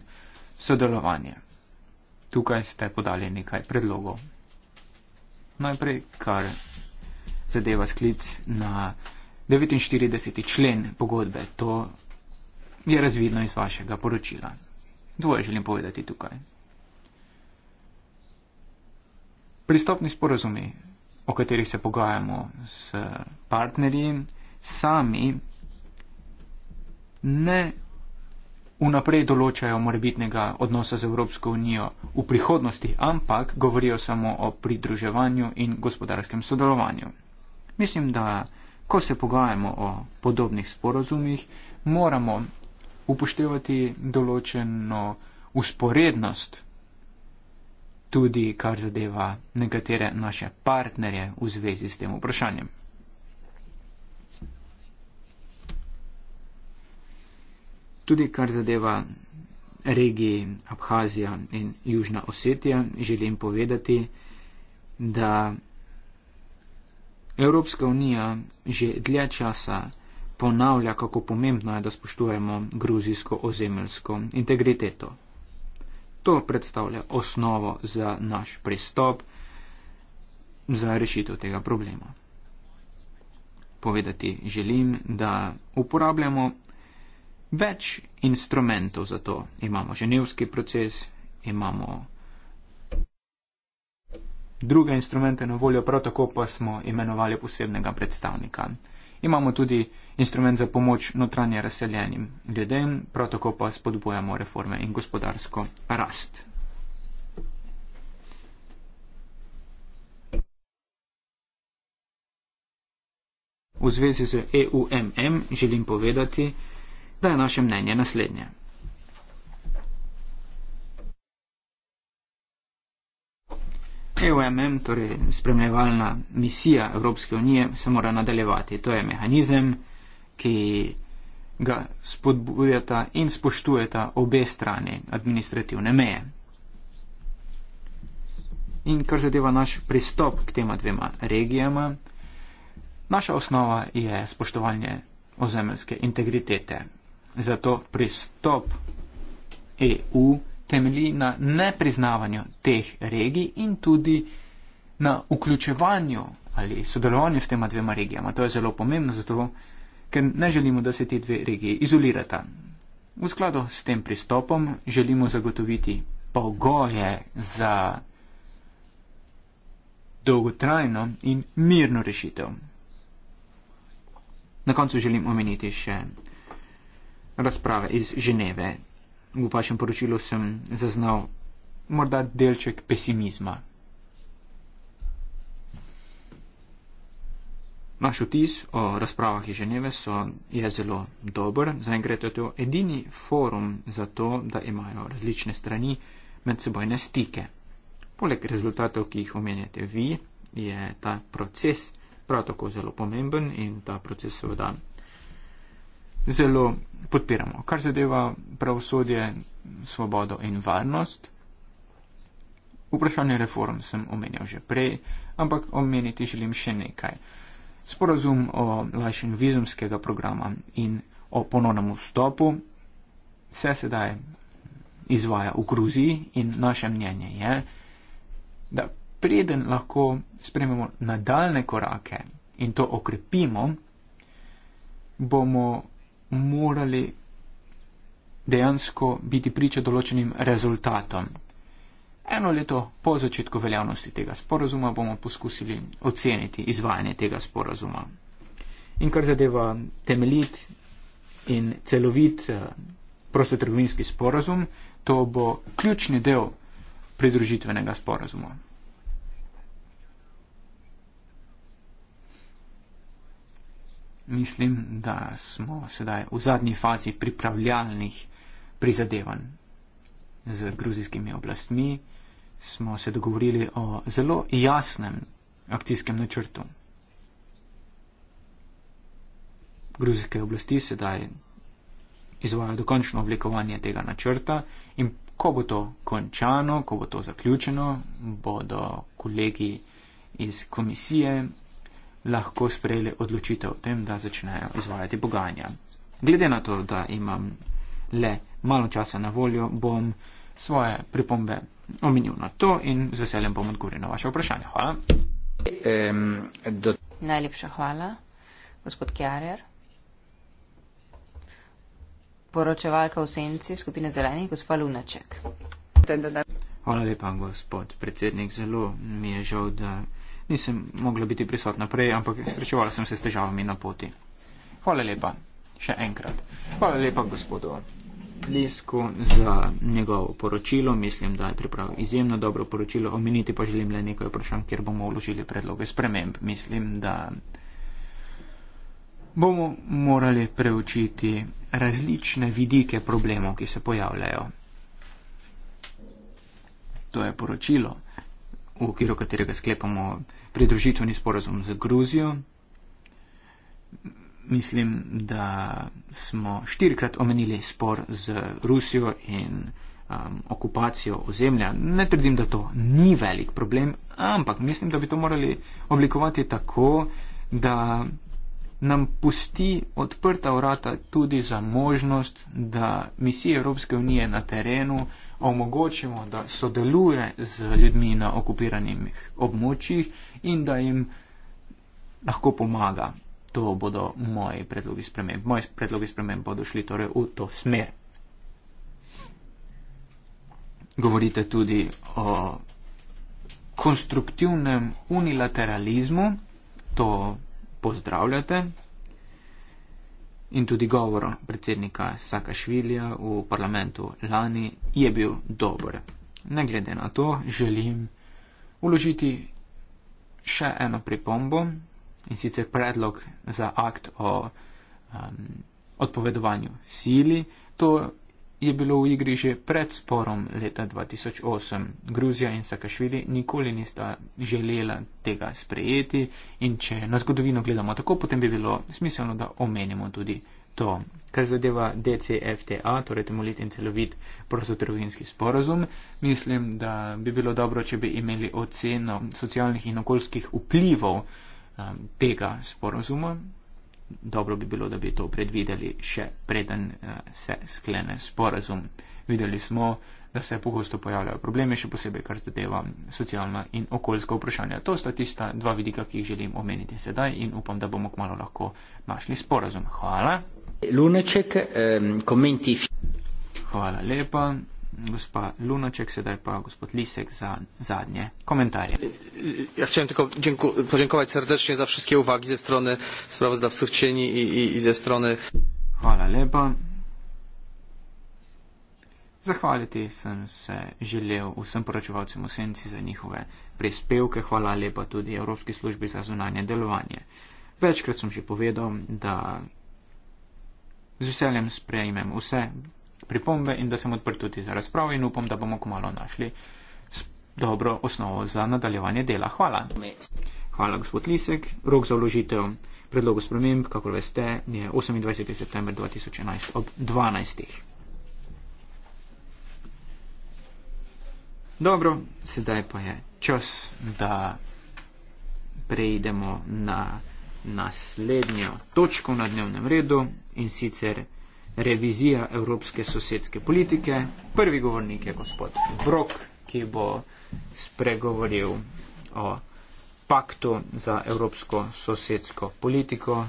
sodelovanja. Tukaj ste podali nekaj predlogov. Najprej, kar zadeva sklic na 49. člen pogodbe, to je razvidno iz vašega poročila. Dvoje želim povedati tukaj. Pristopni sporozumi, o katerih se pogajamo s partnerji, sami ne vnaprej določajo morebitnega odnosa z Evropsko unijo v prihodnosti, ampak govorijo samo o pridruževanju in gospodarskem sodelovanju. Mislim, da ko se pogajamo o podobnih sporozumih, moramo upoštevati določeno usporednost tudi kar zadeva nekatere naše partnerje v zvezi s tem vprašanjem. Tudi kar zadeva regiji Abhazija in Južna Osetija, želim povedati, da Evropska unija že dlje časa ponavlja, kako pomembno je, da spoštujemo gruzijsko ozemeljsko integriteto. To predstavlja osnovo za naš pristop za rešitev tega problema. Povedati želim, da uporabljamo več instrumentov za to. Imamo ženevski proces, imamo druge instrumente na voljo, prav tako pa smo imenovali posebnega predstavnika. Imamo tudi instrument za pomoč notranje razseljenim ljudem, prav tako pa spodbojamo reforme in gospodarsko rast. V zvezi z EUMM želim povedati, da je naše mnenje naslednje. EOMM, torej spremljevalna misija Evropske unije, se mora nadaljevati. To je mehanizem, ki ga spodbujata in spoštujeta obe strani administrativne meje. In kar zadeva naš pristop k tema dvema regijama, naša osnova je spoštovanje ozemeljske integritete. Zato pristop EU temelji na nepriznavanju teh regij in tudi na vključevanju ali sodelovanju s tema dvema regijama. To je zelo pomembno, zato ker ne želimo, da se te dve regije izolirata. V skladu s tem pristopom želimo zagotoviti pogoje za dolgotrajno in mirno rešitev. Na koncu želim omeniti še razprave iz Ženeve v vašem poročilu sem zaznal morda delček pesimizma. Naš vtis o razpravah iz Ženeve so, je zelo dober. Zaenkrat je to edini forum za to, da imajo različne strani medsebojne stike. Poleg rezultatov, ki jih omenjate vi, je ta proces prav tako zelo pomemben in ta proces seveda zelo podpiramo. Kar zadeva pravosodje, svobodo in varnost, vprašanje reform sem omenjal že prej, ampak omeniti želim še nekaj. Sporazum o lajšen vizumskega programa in o ponovnem vstopu se sedaj izvaja v Gruziji in naše mnenje je, da preden lahko sprememo nadaljne korake in to okrepimo, bomo morali dejansko biti priča določenim rezultatom. Eno leto po začetku veljavnosti tega sporazuma bomo poskusili oceniti izvajanje tega sporazuma. In kar zadeva temeljit in celovit eh, prostotrgovinski sporazum, to bo ključni del pridružitvenega sporazuma. mislim, da smo sedaj v zadnji fazi pripravljalnih prizadevanj z gruzijskimi oblastmi, smo se dogovorili o zelo jasnem akcijskem načrtu. Gruzijske oblasti sedaj izvajo dokončno oblikovanje tega načrta in ko bo to končano, ko bo to zaključeno, bodo kolegi iz komisije lahko sprejeli odločitev o tem, da začnejo izvajati pogajanja. Glede na to, da imam le malo časa na voljo, bom svoje pripombe omenil na to in z veseljem bom odgovoril na vaše vprašanje. Hvala. Um, do... Najlepša hvala, gospod Kjarer. Poročevalka v senci skupine zelenih, gospod Lunaček. Hvala lepa, gospod predsednik. Zelo mi je žal, da nisem mogla biti prisotna prej, ampak srečevala sem se s težavami na poti. Hvala lepa, še enkrat. Hvala lepa gospodu Lisku za njegovo poročilo. Mislim, da je pripravil izjemno dobro poročilo. Omeniti pa želim le nekaj vprašanj, kjer bomo vložili predloge sprememb. Mislim, da bomo morali preučiti različne vidike problemov, ki se pojavljajo. To je poročilo v okviru katerega sklepamo pridružitveni sporazum z Gruzijo. Mislim, da smo štirikrat omenili spor z Rusijo in um, okupacijo ozemlja. Ne trdim, da to ni velik problem, ampak mislim, da bi to morali oblikovati tako, da nam pusti odprta vrata tudi za možnost, da misije Evropske unije na terenu omogočimo, da sodeluje z ljudmi na okupiranih območjih in da jim lahko pomaga. To bodo moji predlogi sprememb. Moji predlogi sprememb bodo šli torej v to smer. Govorite tudi o konstruktivnem unilateralizmu. To pozdravljate. In tudi govor predsednika Sakašvilja v parlamentu lani je bil dober. Ne glede na to, želim uložiti še eno pripombo in sicer predlog za akt o um, odpovedovanju sili. To je bilo v igri že pred sporom leta 2008. Gruzija in Sakašvili nikoli nista želela tega sprejeti in če na zgodovino gledamo tako, potem bi bilo smiselno, da omenimo tudi to. Kar zadeva DCFTA, torej temolit in celovit prostotrovinski sporazum, mislim, da bi bilo dobro, če bi imeli oceno socialnih in okoljskih vplivov um, tega sporazuma, dobro bi bilo, da bi to predvideli še preden eh, se sklene sporazum. Videli smo, da se pogosto pojavljajo problemi, še posebej, kar zadeva socialna in okoljska vprašanja. To sta tista dva vidika, ki jih želim omeniti sedaj in upam, da bomo kmalo lahko našli sporazum. Hvala. Luneček, um, ehm, komenti. Hvala lepa. Gospa Lunoček, sedaj pa gospod Lisek za zadnje komentarje. Ja chciałem tylko dziękuję, podziękować serdecznie za wszystkie uwagi ze strony sprawozdawców cieni i, i, i ze strony. Hvala lepa. Zahvaliti sem se želel vsem poročevalcem v senci za njihove prispevke. Hvala lepa tudi Evropski službi za zunanje delovanje. Večkrat sem že povedal, da z veseljem sprejmem vse pripombe in da sem odprt tudi za razpravo in upam, da bomo kmalo našli dobro osnovo za nadaljevanje dela. Hvala. Hvala, gospod Lisek. Rok za vložitev predlogu sprememb, kako veste, je 28. september 2011 ob 12. Dobro, sedaj pa je čas, da preidemo na naslednjo točko na dnevnem redu in sicer revizija evropske sosedske politike. Prvi govornik je gospod Brok, ki bo spregovoril o paktu za evropsko sosedsko politiko.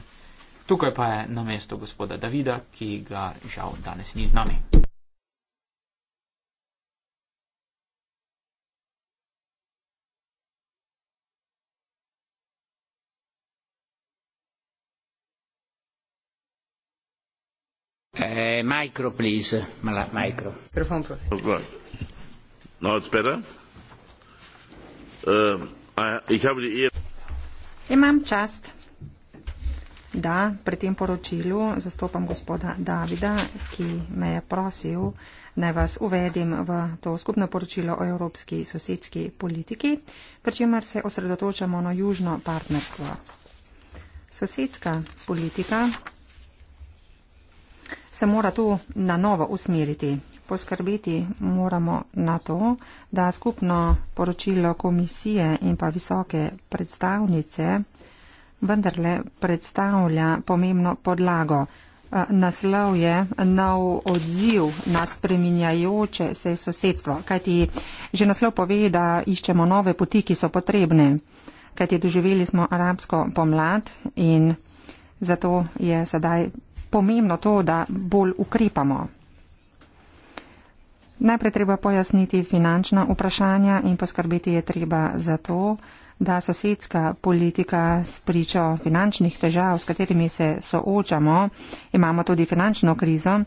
Tukaj pa je na mesto gospoda Davida, ki ga žal danes ni z nami. Eh, micro, please. Micro. Microphone, please. Oh, right. Now it's better. Uh, I, I have the ear. Imam čast, da pri tem poročilu zastopam gospoda Davida, ki me je prosil, naj vas uvedim v to skupno poročilo o evropski sosedski politiki, pri čemer se osredotočamo na južno partnerstvo. Sosedska politika se mora tu na novo usmeriti. Poskrbeti moramo na to, da skupno poročilo komisije in pa visoke predstavnice vendarle predstavlja pomembno podlago. Eh, naslov je nov odziv na spreminjajoče se sosedstvo. Kajti že naslov pove, da iščemo nove poti, ki so potrebne. Kajti doživeli smo arabsko pomlad in zato je sedaj pomembno to, da bolj ukrepamo. Najprej treba pojasniti finančna vprašanja in poskrbeti je treba za to, da sosedska politika s pričo finančnih težav, s katerimi se soočamo, imamo tudi finančno krizo,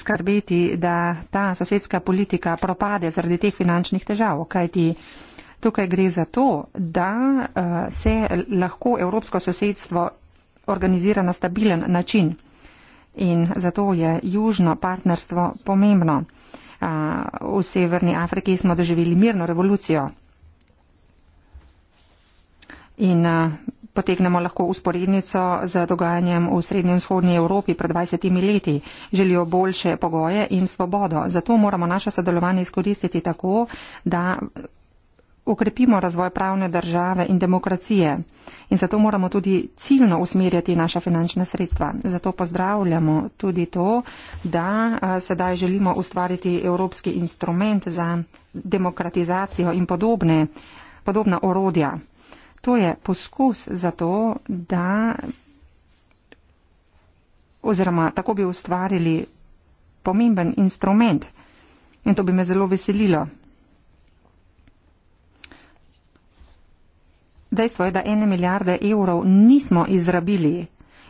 skrbeti, da ta sosedska politika propade zaradi teh finančnih težav, kajti tukaj gre za to, da se lahko evropsko sosedstvo organizira na stabilen način in zato je južno partnerstvo pomembno. V Severni Afriki smo doživeli mirno revolucijo in potegnemo lahko usporednico z dogajanjem v Srednji in Vzhodnji Evropi pred 20 leti. Želijo boljše pogoje in svobodo. Zato moramo naše sodelovanje izkoristiti tako, da okrepimo razvoj pravne države in demokracije. In zato moramo tudi ciljno usmerjati naša finančna sredstva. Zato pozdravljamo tudi to, da sedaj želimo ustvariti evropski instrument za demokratizacijo in podobne, podobna orodja. To je poskus za to, da oziroma tako bi ustvarili pomemben instrument. In to bi me zelo veselilo, Dejstvo je, da ene milijarde evrov nismo izrabili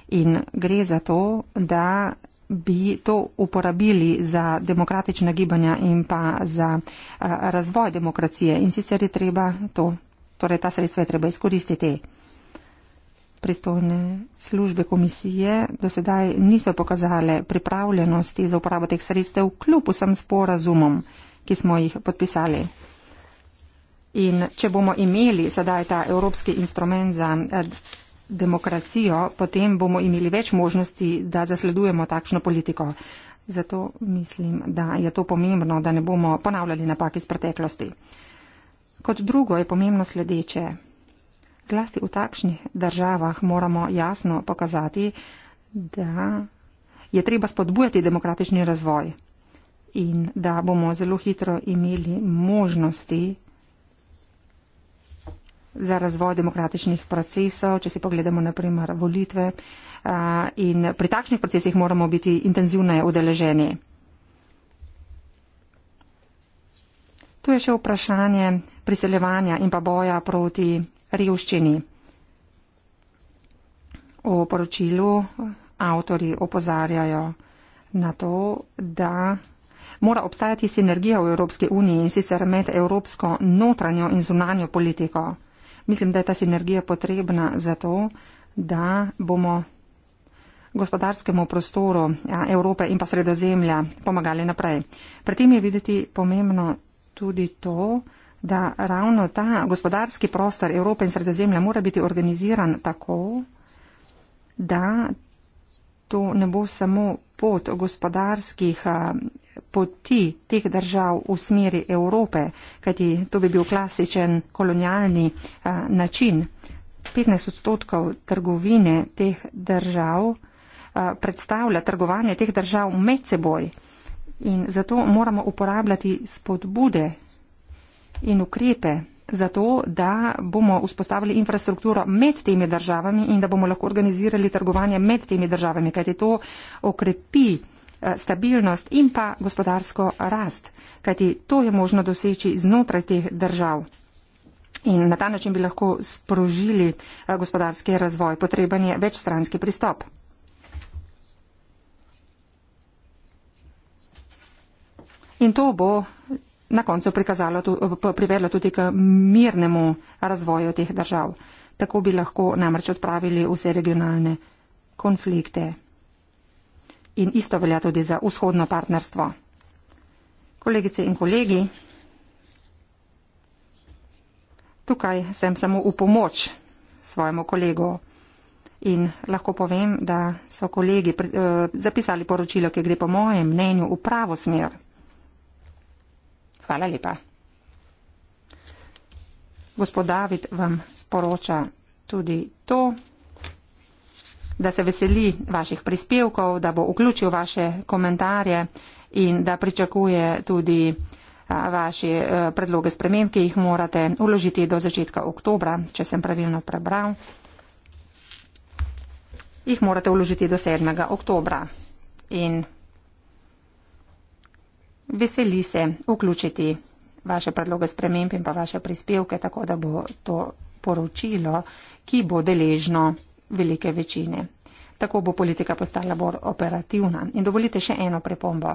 in gre za to, da bi to uporabili za demokratična gibanja in pa za razvoj demokracije in sicer je treba to, torej ta sredstva je treba izkoristiti. Pristojne službe komisije do sedaj niso pokazale pripravljenosti za uporabo teh sredstev kljub vsem sporazumom, ki smo jih podpisali. In če bomo imeli sedaj ta evropski instrument za eh, demokracijo, potem bomo imeli več možnosti, da zasledujemo takšno politiko. Zato mislim, da je to pomembno, da ne bomo ponavljali napak iz preteklosti. Kot drugo je pomembno sledeče. Zlasti v takšnih državah moramo jasno pokazati, da je treba spodbujati demokratični razvoj in da bomo zelo hitro imeli možnosti, za razvoj demokratičnih procesov, če si pogledamo naprimer volitve in pri takšnih procesih moramo biti intenzivno udeleženi. Tu je še vprašanje priseljevanja in pa boja proti revščini. O poročilu avtori opozarjajo na to, da mora obstajati sinergija v Evropski uniji in sicer med Evropsko notranjo in zunanjo politiko. Mislim, da je ta sinergija potrebna za to, da bomo gospodarskemu prostoru ja, Evrope in pa sredozemlja pomagali naprej. Pri tem je videti pomembno tudi to, da ravno ta gospodarski prostor Evrope in sredozemlja mora biti organiziran tako, da to ne bo samo pot gospodarskih poti teh držav v smeri Evrope, kajti to bi bil klasičen kolonialni a, način. 15 odstotkov trgovine teh držav a, predstavlja trgovanje teh držav med seboj in zato moramo uporabljati spodbude in ukrepe zato, da bomo vzpostavili infrastrukturo med temi državami in da bomo lahko organizirali trgovanje med temi državami, kajti to okrepi Eh, stabilnost in pa gospodarsko rast, kajti to je možno doseči znotraj teh držav. In na ta način bi lahko sprožili eh, gospodarski razvoj. Potreben je večstranski pristop. In to bo na koncu privedlo tudi k mirnemu razvoju teh držav. Tako bi lahko namreč odpravili vse regionalne konflikte in isto velja tudi za vzhodno partnerstvo. Kolegice in kolegi, tukaj sem samo v pomoč svojemu kolegu in lahko povem, da so kolegi eh, zapisali poročilo, ki gre po mojem mnenju v pravo smer. Hvala lepa. Gospod David vam sporoča tudi to da se veseli vaših prispevkov, da bo vključil vaše komentarje in da pričakuje tudi vaše e, predloge sprememb, ki jih morate uložiti do začetka oktobra, če sem pravilno prebral. Ih morate uložiti do 7. oktobra in veseli se vključiti vaše predloge sprememb in pa vaše prispevke, tako da bo to poročilo, ki bo deležno velike večine. Tako bo politika postala bolj operativna. In dovolite še eno prepombo.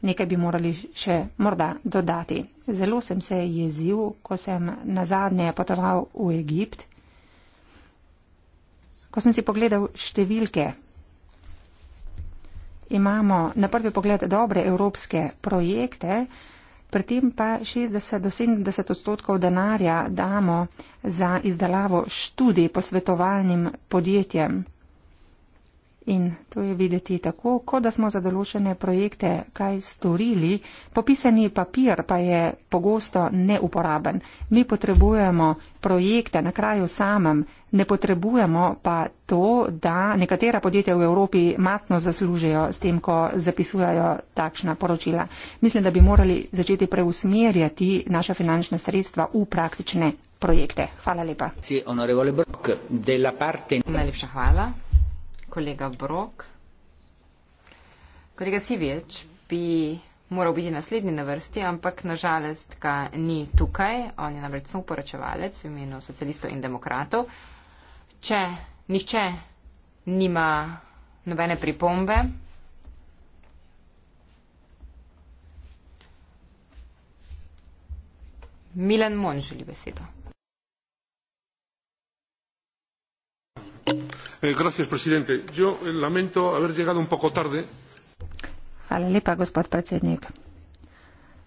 Nekaj bi morali še morda dodati. Zelo sem se jezil, ko sem nazadnje potoval v Egipt. Ko sem si pogledal številke, imamo na prvi pogled dobre evropske projekte, pri tem pa 60 do 70 odstotkov denarja damo za izdelavo študij posvetovalnim podjetjem. In to je videti tako, kot da smo za določene projekte kaj storili, popisani papir pa je pogosto neuporaben. Mi potrebujemo projekte na kraju samem, ne potrebujemo pa to, da nekatera podjetja v Evropi masno zaslužijo s tem, ko zapisujajo takšna poročila. Mislim, da bi morali začeti preusmerjati naša finančna sredstva v praktične projekte. Hvala lepa. Najlepša hvala kolega Brok. Kolega Sivič bi moral biti naslednji na vrsti, ampak nažalost ga ni tukaj. On je namreč soporočevalec v imenu socialistov in demokratov. Če nihče nima nobene pripombe, Milan Mon želi besedo. Eh, señor presidente yo eh, lamento haber llegado un poco tarde Hvala lepa, gospod predsednik.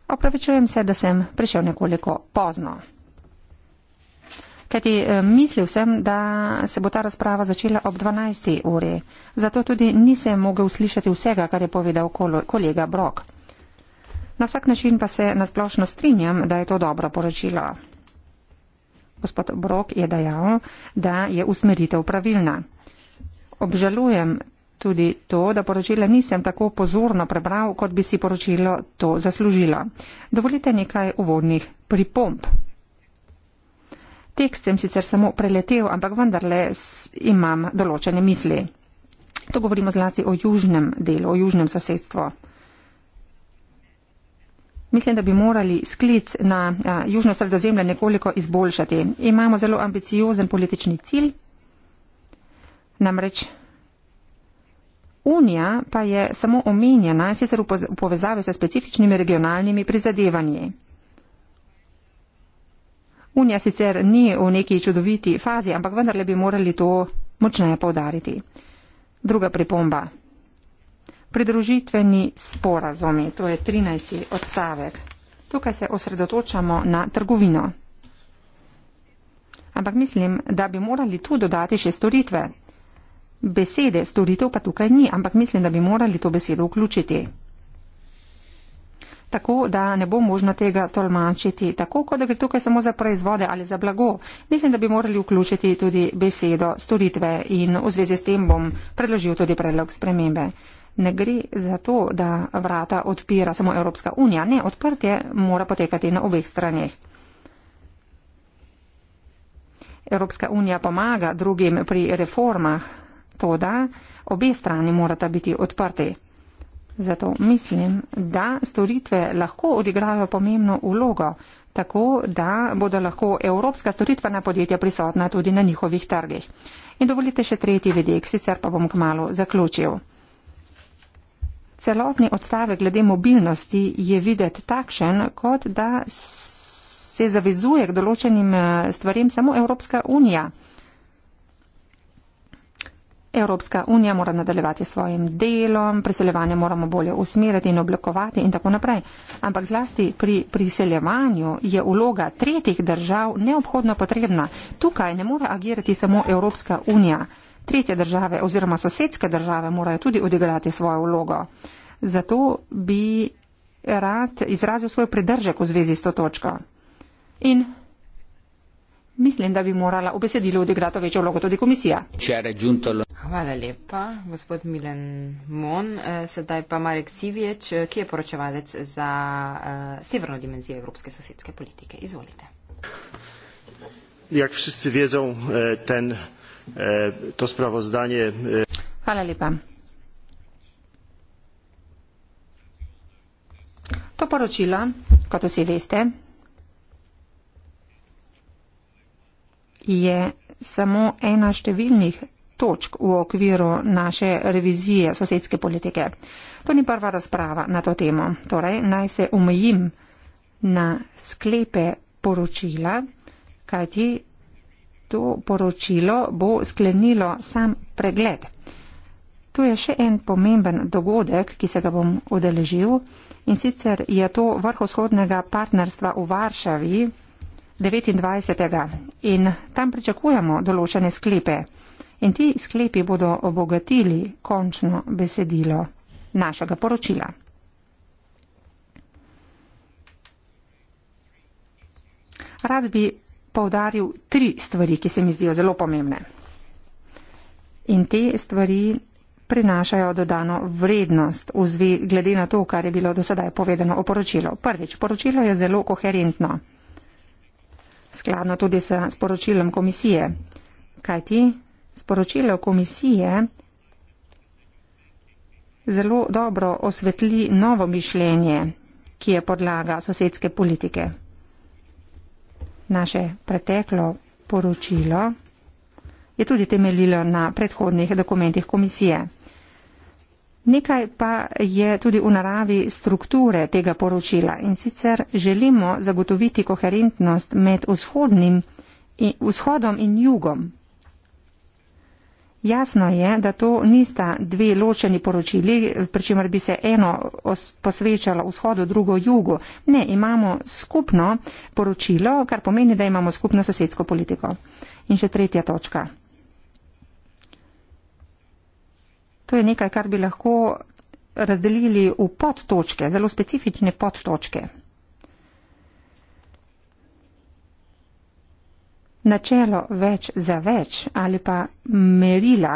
Opravičujem se, da sem prišel nekoliko pozno. Kajti eh, mislil sem, da se bo ta razprava začela ob 12. uri. Zato tudi nisem mogel slišati vsega, kar je povedal kolega Brok. Na vsak način pa se nasplošno strinjam, da je to dobro poročilo. Gospod Brok je dejal, da je usmeritev pravilna. Obžalujem tudi to, da poročila nisem tako pozorno prebral, kot bi si poročilo to zaslužilo. Dovolite nekaj uvodnih pripomp. Tekst sem sicer samo preletel, ampak vendarle imam določene misli. To govorimo zlasti o južnem delu, o južnem sosedstvu. Mislim, da bi morali sklic na a, južno sredozemlje nekoliko izboljšati. Imamo zelo ambiciozen politični cilj, Namreč Unija pa je samo omenjena, sicer v povezavi s specifičnimi regionalnimi prizadevanji. Unija sicer ni v neki čudoviti fazi, ampak vendarle bi morali to močneje povdariti. Druga pripomba. Pridružitveni sporazumi, to je 13. odstavek. Tukaj se osredotočamo na trgovino. Ampak mislim, da bi morali tu dodati še storitve, besede storitev pa tukaj ni, ampak mislim, da bi morali to besedo vključiti. Tako da ne bo možno tega tolmačiti, tako kot da gre tukaj samo za proizvode ali za blago. Mislim, da bi morali vključiti tudi besedo storitve in v zvezi s tem bom predložil tudi predlog spremembe. Ne gre za to, da vrata odpira samo Evropska unija, ne, odprtje mora potekati na obeh straneh. Evropska unija pomaga drugim pri reformah, To da, obe strani morata biti odprti. Zato mislim, da storitve lahko odigrajo pomembno ulogo, tako da bodo lahko evropska storitvena podjetja prisotna tudi na njihovih trgih. In dovolite še tretji vedek, sicer pa bom k malu zaključil. Celotni odstavek glede mobilnosti je videti takšen, kot da se zavezuje k določenim eh, stvarem samo Evropska unija. Evropska unija mora nadaljevati svojim delom, priseljevanje moramo bolje usmeriti in oblikovati in tako naprej. Ampak zlasti pri priseljevanju je uloga tretjih držav neobhodno potrebna. Tukaj ne more agirati samo Evropska unija. Tretje države oziroma sosedske države morajo tudi odigrati svojo vlogo. Zato bi rad izrazil svoj pridržek v zvezi s to točko. In Mislim, da bi morala v besedilu odigrati večjo vlogo tudi komisija. Hvala lepa, gospod Milen Mon. Eh, sedaj pa Marek Sivječ, eh, ki je poročevalec za eh, severno dimenzijo evropske sosedske politike. Izvolite. Jak vsi vedo, e, ten, e, to spravozdanje. E, Hvala lepa. To poročilo, kot vsi veste, je samo ena številnih točk v okviru naše revizije sosedske politike. To ni prva razprava na to temo. Torej, naj se omejim na sklepe poročila, kajti to poročilo bo sklenilo sam pregled. To je še en pomemben dogodek, ki se ga bom odeležil in sicer je to vrhoshodnega partnerstva v Varšavi 29. in tam pričakujemo določene sklepe. In ti sklepi bodo obogatili končno besedilo našega poročila. Rad bi povdaril tri stvari, ki se mi zdijo zelo pomembne. In te stvari prinašajo dodano vrednost v zvezi glede na to, kar je bilo do sedaj povedano o poročilu. Prvič, poročilo je zelo koherentno skladno tudi s sporočilom komisije. Kaj ti? Sporočilo komisije zelo dobro osvetli novo mišljenje, ki je podlaga sosedske politike. Naše preteklo poročilo je tudi temeljilo na predhodnih dokumentih komisije. Nekaj pa je tudi v naravi strukture tega poročila in sicer želimo zagotoviti koherentnost med vzhodnim in vzhodom in jugom. Jasno je, da to nista dve ločeni poročili, pričemer bi se eno posvečalo vzhodu, drugo jugu. Ne, imamo skupno poročilo, kar pomeni, da imamo skupno sosedsko politiko. In še tretja točka. to je nekaj, kar bi lahko razdelili v podtočke, zelo specifične podtočke. Načelo več za več ali pa merila,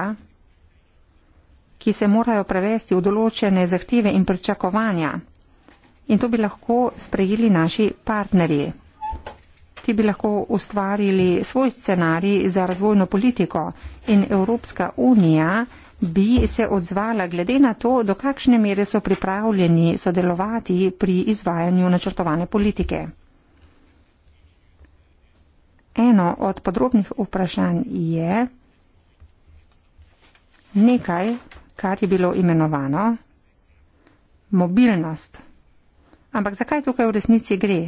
ki se morajo prevesti v določene zahteve in pričakovanja. In to bi lahko sprejeli naši partnerji. Ti bi lahko ustvarili svoj scenarij za razvojno politiko in Evropska unija bi se odzvala glede na to, do kakšne mere so pripravljeni sodelovati pri izvajanju načrtovane politike. Eno od podrobnih vprašanj je nekaj, kar je bilo imenovano mobilnost. Ampak zakaj tukaj v resnici gre?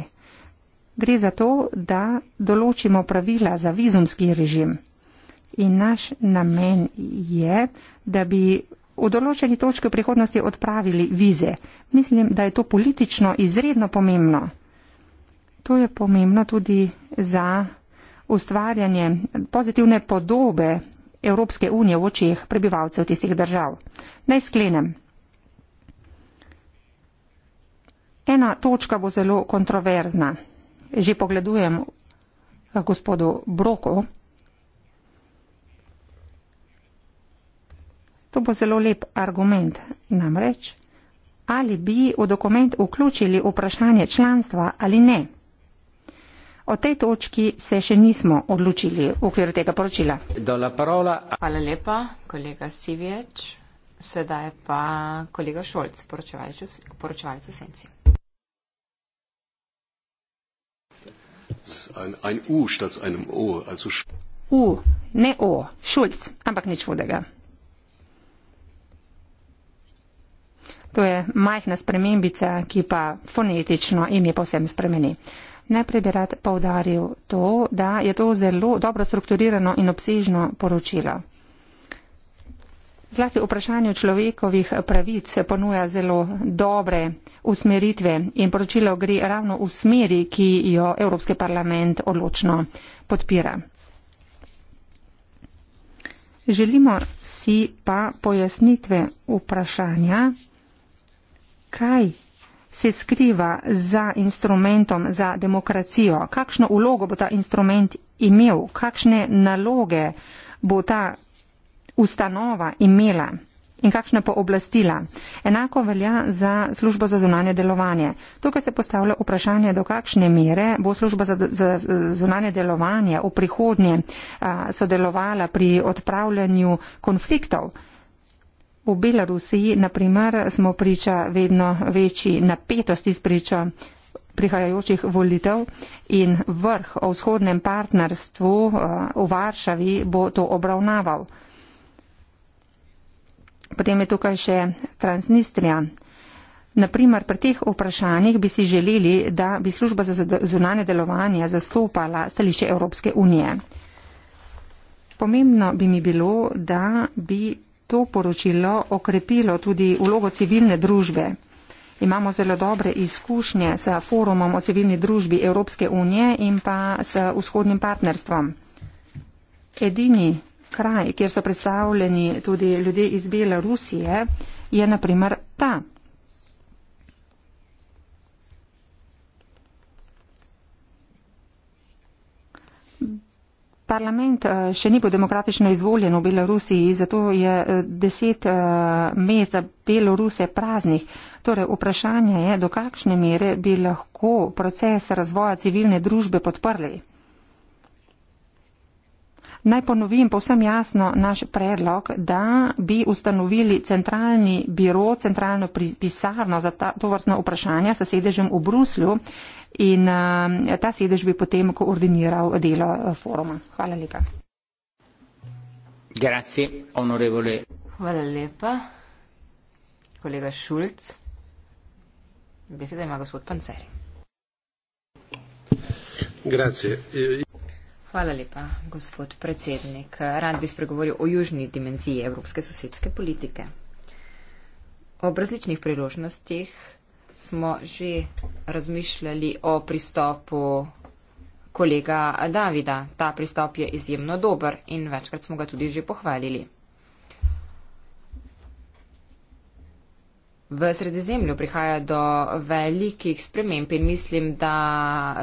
Gre za to, da določimo pravila za vizumski režim. In naš namen je, da bi v določeni točki v prihodnosti odpravili vize. Mislim, da je to politično izredno pomembno. To je pomembno tudi za ustvarjanje pozitivne podobe Evropske unije v očeh prebivalcev tistih držav. Naj sklenem. Ena točka bo zelo kontroverzna. Že pogledujem eh, gospodu Broku, To bo zelo lep argument. Namreč, ali bi v dokument vključili vprašanje članstva ali ne. O tej točki se še nismo odločili v okviru tega poročila. Hvala lepa, kolega Sivječ. Sedaj pa kolega Šolc, poročevalec v senci. U, ne O, Šulc, ampak nič vodega. To je majhna spremembica, ki pa fonetično ime povsem spremeni. Najprej bi rad povdaril to, da je to zelo dobro strukturirano in obsežno poročilo. Zlasti vprašanju človekovih pravic ponuja zelo dobre usmeritve in poročilo gre ravno v smeri, ki jo Evropski parlament odločno podpira. Želimo si pa pojasnitve vprašanja, kaj se skriva za instrumentom za demokracijo, kakšno ulogo bo ta instrument imel, kakšne naloge bo ta ustanova imela in kakšna pooblastila. Enako velja za službo za zunanje delovanje. Tukaj se postavlja vprašanje, do kakšne mere bo služba za, za zunanje delovanje v prihodnje a, sodelovala pri odpravljanju konfliktov. V Belorusiji, na primer, smo priča vedno večji napetosti spriča prihajajočih volitev in vrh o vzhodnem partnerstvu eh, v Varšavi bo to obravnaval. Potem je tukaj še Transnistrija. Naprimer, pri teh vprašanjih bi si želeli, da bi služba za zunanje delovanje zastopala stališče Evropske unije. Pomembno bi mi bilo, da bi to poročilo okrepilo tudi vlogo civilne družbe. Imamo zelo dobre izkušnje s forumom o civilni družbi Evropske unije in pa s vzhodnim partnerstvom. Edini kraj, kjer so predstavljeni tudi ljudje iz Bele Rusije, je naprimer ta parlament eh, še ni bil demokratično izvoljen v Belorusiji, zato je eh, deset eh, mest za Beloruse praznih. Torej, vprašanje je, do kakšne mere bi lahko proces razvoja civilne družbe podprli. Naj ponovim povsem jasno naš predlog, da bi ustanovili centralni biro, centralno pisarno za ta, to vrstno vprašanje s sedežem v Bruslju in eh, ta sedež bi potem koordiniral delo eh, foruma. Hvala lepa. Grazie, onorevole. Hvala lepa. Kolega Šulc, beseda ima gospod Panceri. Grazie. Hvala lepa, gospod predsednik. Rad bi spregovoril o južni dimenziji evropske sosedske politike. Ob različnih priložnostih smo že razmišljali o pristopu kolega Davida. Ta pristop je izjemno dober in večkrat smo ga tudi že pohvalili. V sredozemlju prihaja do velikih sprememb in mislim, da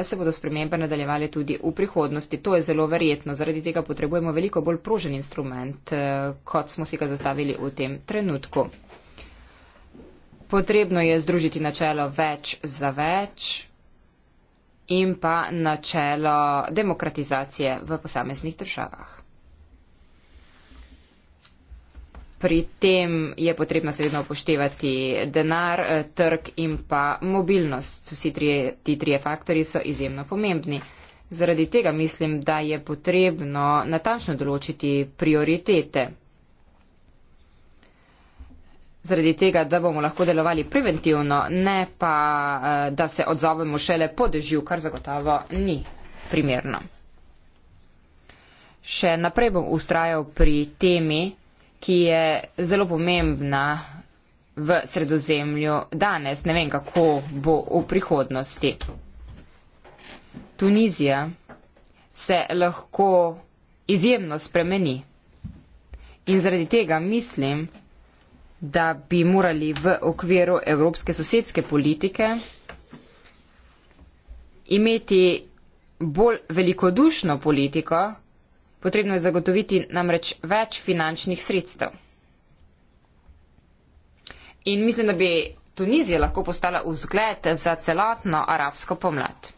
se bodo spremembe nadaljevale tudi v prihodnosti. To je zelo verjetno. Zaradi tega potrebujemo veliko bolj pružen instrument, eh, kot smo si ga zastavili v tem trenutku potrebno je združiti načelo več za več in pa načelo demokratizacije v posameznih državah. Pri tem je potrebno seveda upoštevati denar, trg in pa mobilnost. Vsi trije, ti trije faktori so izjemno pomembni. Zaradi tega mislim, da je potrebno natančno določiti prioritete zaradi tega, da bomo lahko delovali preventivno, ne pa, eh, da se odzovemo šele po dežju, kar zagotovo ni primerno. Še naprej bom ustrajal pri temi, ki je zelo pomembna v sredozemlju danes, ne vem, kako bo v prihodnosti. Tunizija se lahko izjemno spremeni. In zaradi tega mislim, da bi morali v okviru evropske sosedske politike imeti bolj velikodušno politiko, potrebno je zagotoviti namreč več finančnih sredstev. In mislim, da bi Tunizija lahko postala vzgled za celotno arabsko pomlad.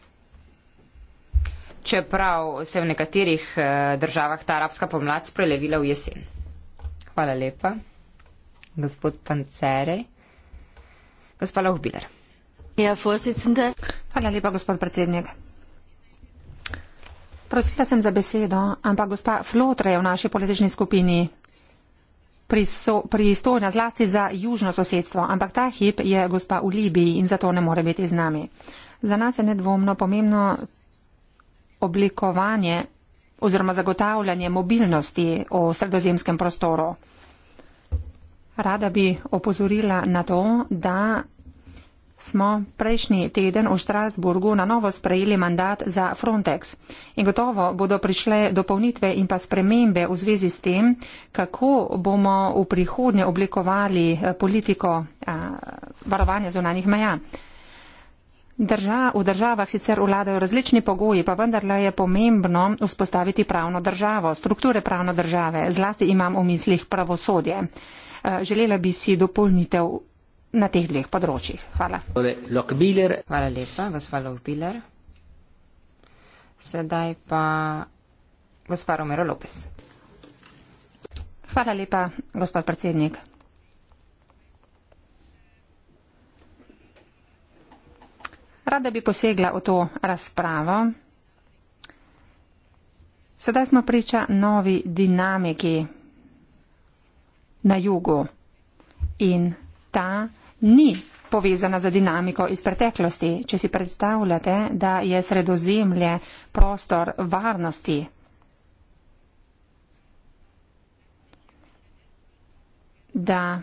Čeprav se v nekaterih eh, državah ta arabska pomlad sprelevila v jesen. Hvala lepa gospod Pancerej. Gospa Lohbiler. Ja, vorsitzende. Hvala lepa, gospod predsednik. Prosila sem za besedo, ampak gospa Flotre je v naši politični skupini pristojna pri zlasti za južno sosedstvo, ampak ta hip je gospa v Libiji in zato ne more biti z nami. Za nas je nedvomno pomembno oblikovanje oziroma zagotavljanje mobilnosti v sredozemskem prostoru. Rada bi opozorila na to, da smo prejšnji teden v Štrasburgu na novo sprejeli mandat za Frontex. In gotovo bodo prišle dopolnitve in pa spremembe v zvezi s tem, kako bomo v prihodnje oblikovali eh, politiko eh, varovanja zonanih meja. Drža, v državah sicer vladajo različni pogoji, pa vendarle je pomembno vzpostaviti pravno državo, strukture pravno države, zlasti imam v mislih pravosodje. Eh, želela bi si dopolnitev na teh dveh področjih. Hvala. Hvala lepa, gospod Lokbiler. Sedaj pa gospod Romero Lopes. Hvala lepa, gospod predsednik. Rada bi posegla v to razpravo. Sedaj smo priča novi dinamiki na jugu. In ta ni povezana za dinamiko iz preteklosti. Če si predstavljate, da je sredozemlje prostor varnosti, da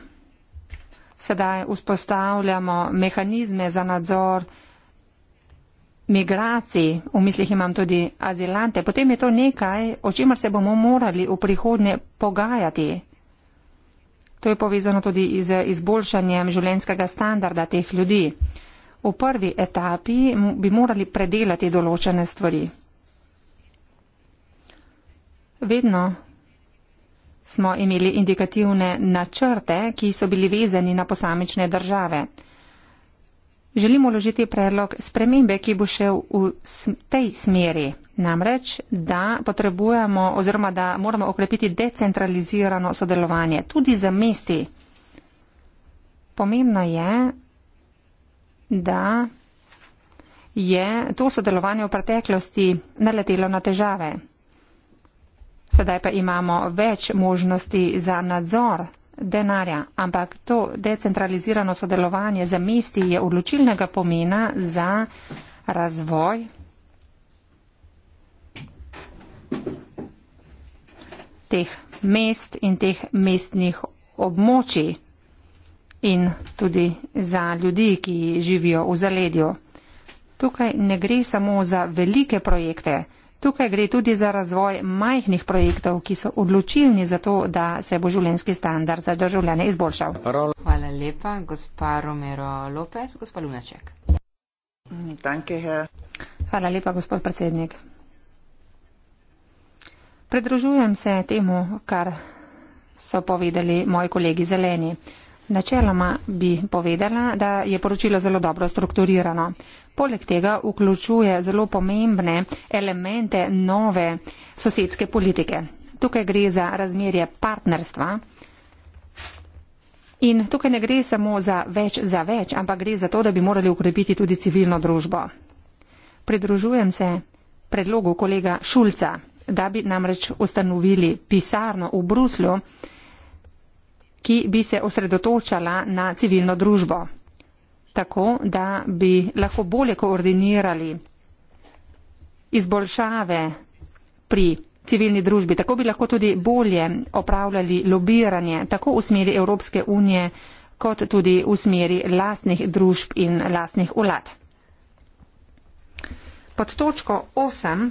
sedaj vzpostavljamo mehanizme za nadzor migracij, v mislih imam tudi azilante, potem je to nekaj, o čemer se bomo morali v prihodnje pogajati. To je povezano tudi z izboljšanjem življenskega standarda teh ljudi. V prvi etapi bi morali predelati določene stvari. Vedno smo imeli indikativne načrte, ki so bili vezani na posamične države želimo ložiti predlog spremembe, ki bo šel v tej smeri. Namreč, da potrebujemo oziroma da moramo okrepiti decentralizirano sodelovanje tudi za mesti. Pomembno je, da je to sodelovanje v preteklosti naletelo na težave. Sedaj pa imamo več možnosti za nadzor denarja, ampak to decentralizirano sodelovanje z mesti je odločilnega pomena za razvoj. teh mest in teh mestnih območij in tudi za ljudi, ki živijo v zaledju. Tukaj ne gre samo za velike projekte. Tukaj gre tudi za razvoj majhnih projektov, ki so odločilni za to, da se bo življenski standard za državljane izboljšal. Hvala lepa, gospa Romero Lopez, gospa Lunaček. Hvala lepa, gospod predsednik. Predružujem se temu, kar so povedali moji kolegi zeleni. Načeloma bi povedala, da je poročilo zelo dobro strukturirano. Poleg tega vključuje zelo pomembne elemente nove sosedske politike. Tukaj gre za razmerje partnerstva in tukaj ne gre samo za več za več, ampak gre za to, da bi morali ukrepiti tudi civilno družbo. Pridružujem se predlogu kolega Šulca, da bi namreč ustanovili pisarno v Bruslju, ki bi se osredotočala na civilno družbo, tako da bi lahko bolje koordinirali izboljšave pri civilni družbi, tako bi lahko tudi bolje opravljali lobiranje tako v smeri Evropske unije, kot tudi v smeri lastnih družb in lastnih vlad. Pod točko 8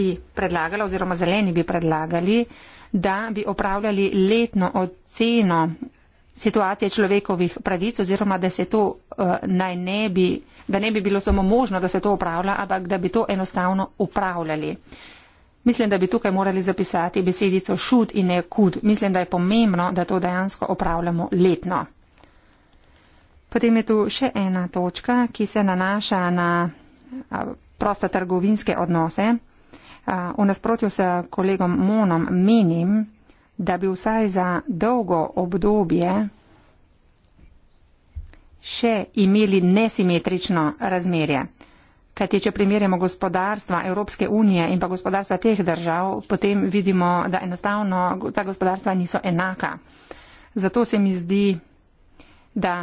bi predlagala oziroma zeleni bi predlagali, da bi opravljali letno oceno situacije človekovih pravic oziroma da se to uh, naj ne bi, da ne bi bilo samo možno, da se to upravlja, ampak da bi to enostavno upravljali. Mislim, da bi tukaj morali zapisati besedico šut in ne kud. Mislim, da je pomembno, da to dejansko upravljamo letno. Potem je tu še ena točka, ki se nanaša na eh, prosta trgovinske odnose. V nasprotju s kolegom Monom menim, da bi vsaj za dolgo obdobje še imeli nesimetrično razmerje. Kajti, če primerjamo gospodarstva Evropske unije in pa gospodarstva teh držav, potem vidimo, da enostavno ta gospodarstva niso enaka. Zato se mi zdi, da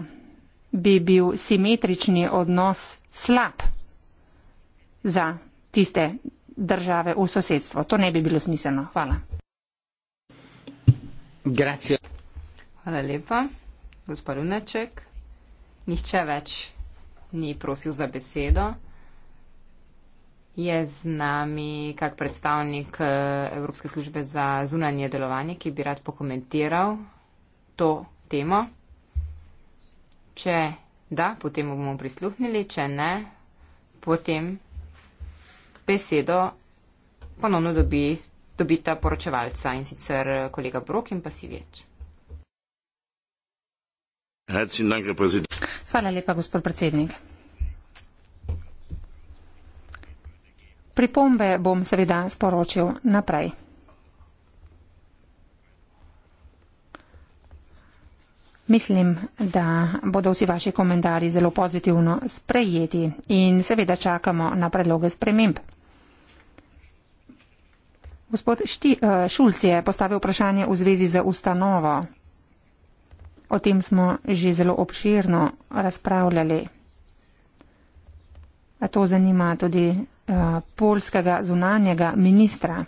bi bil simetrični odnos slab za tiste države v sosedstvo. To ne bi bilo smiselno. Hvala. Grazie. Hvala lepa, gospod Runaček. Nihče več ni prosil za besedo. Je z nami kak predstavnik eh, Evropske službe za zunanje delovanje, ki bi rad pokomentiral to temo. Če da, potem bomo prisluhnili, če ne, potem besedo ponovno dobi, dobita poročevalca in sicer eh, kolega Brok in pa Sivječ. Hvala lepa, gospod predsednik. Pripombe bom seveda sporočil naprej. Mislim, da bodo vsi vaši komentarji zelo pozitivno sprejeti in seveda čakamo na predloge sprememb. Gospod Šti, uh, Šulc je postavil vprašanje v zvezi z ustanovo. O tem smo že zelo obširno razpravljali. A to zanima tudi uh, polskega zunanjega ministra.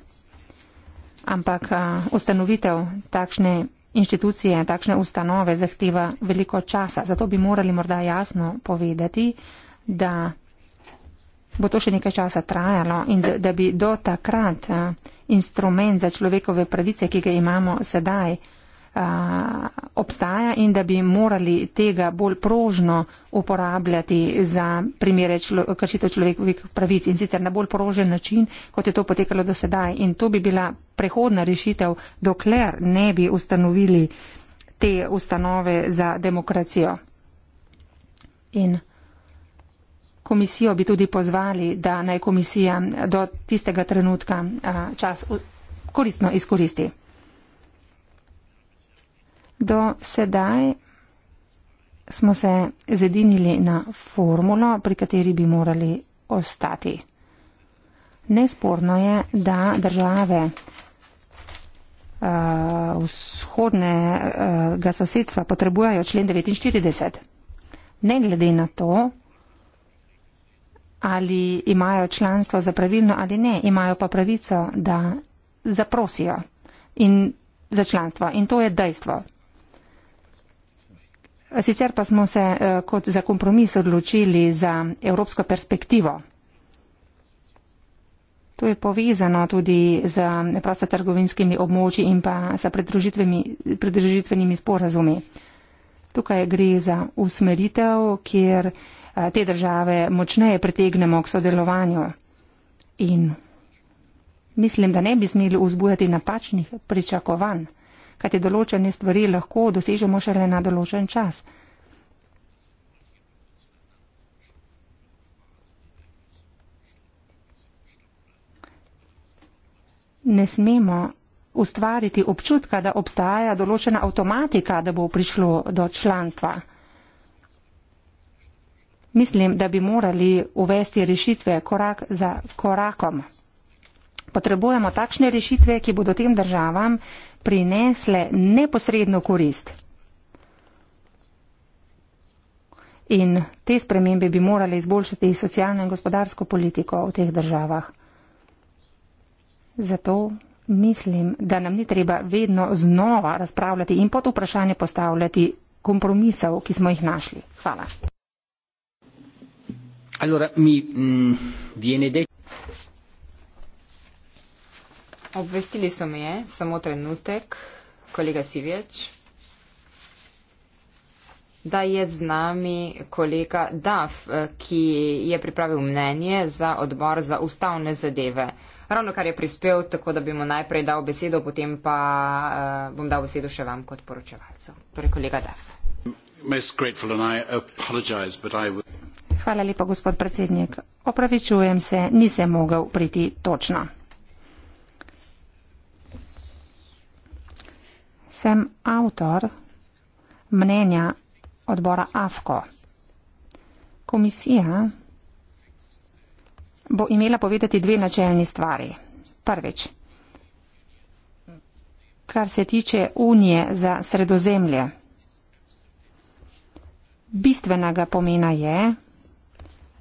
Ampak uh, ustanovitev takšne inštitucije, takšne ustanove zahteva veliko časa. Zato bi morali morda jasno povedati, da bo to še nekaj časa trajalo in da, da bi do takrat a, eh, instrument za človekove pravice, ki ga imamo sedaj, a, eh, obstaja in da bi morali tega bolj prožno uporabljati za primere člo, kršitev človekovih pravic in sicer na bolj prožen način, kot je to potekalo do sedaj. In to bi bila prehodna rešitev, dokler ne bi ustanovili te ustanove za demokracijo. In komisijo bi tudi pozvali, da naj komisija do tistega trenutka čas koristno izkoristi. Do sedaj smo se zedinili na formulo, pri kateri bi morali ostati. Nesporno je, da države uh, vzhodnega uh, sosedstva potrebujejo člen 49. Ne glede na to, ali imajo članstvo za pravilno ali ne, imajo pa pravico, da zaprosijo in za članstvo. In to je dejstvo. Sicer pa smo se eh, kot za kompromis odločili za evropsko perspektivo. To je povezano tudi z prostotrgovinskimi območji in pa s pridružitvenimi sporazumi. Tukaj gre za usmeritev, kjer Eh, te države močneje pritegnemo k sodelovanju. In mislim, da ne bi smeli vzbujati napačnih pričakovanj, kaj te določene stvari lahko dosežemo šele na določen čas. Ne smemo ustvariti občutka, da obstaja določena avtomatika, da bo prišlo do članstva. Mislim, da bi morali uvesti rešitve korak za korakom. Potrebujemo takšne rešitve, ki bodo tem državam prinesle neposredno korist. In te spremembe bi morali izboljšati socialno in gospodarsko politiko v teh državah. Zato mislim, da nam ni treba vedno znova razpravljati in pod vprašanje postavljati kompromisov, ki smo jih našli. Hvala. Allora, mi mh, mm, viene detto... Obvestili so me, eh, samo trenutek, kolega Sivjač, da je z nami kolega Daf, eh, ki je pripravil mnenje za odbor za ustavne zadeve. Ravno kar je prispel, tako da bi mu najprej dal besedo, potem pa uh, bom dal besedo še vam kot poročevalcu. Torej, kolega Daf. Hvala lepa, gospod predsednik. Opravičujem se, nisem mogel priti točno. Sem avtor mnenja odbora AFKO. Komisija bo imela povedati dve načeljni stvari. Prvič, kar se tiče Unije za sredozemlje. Bistvenega pomena je,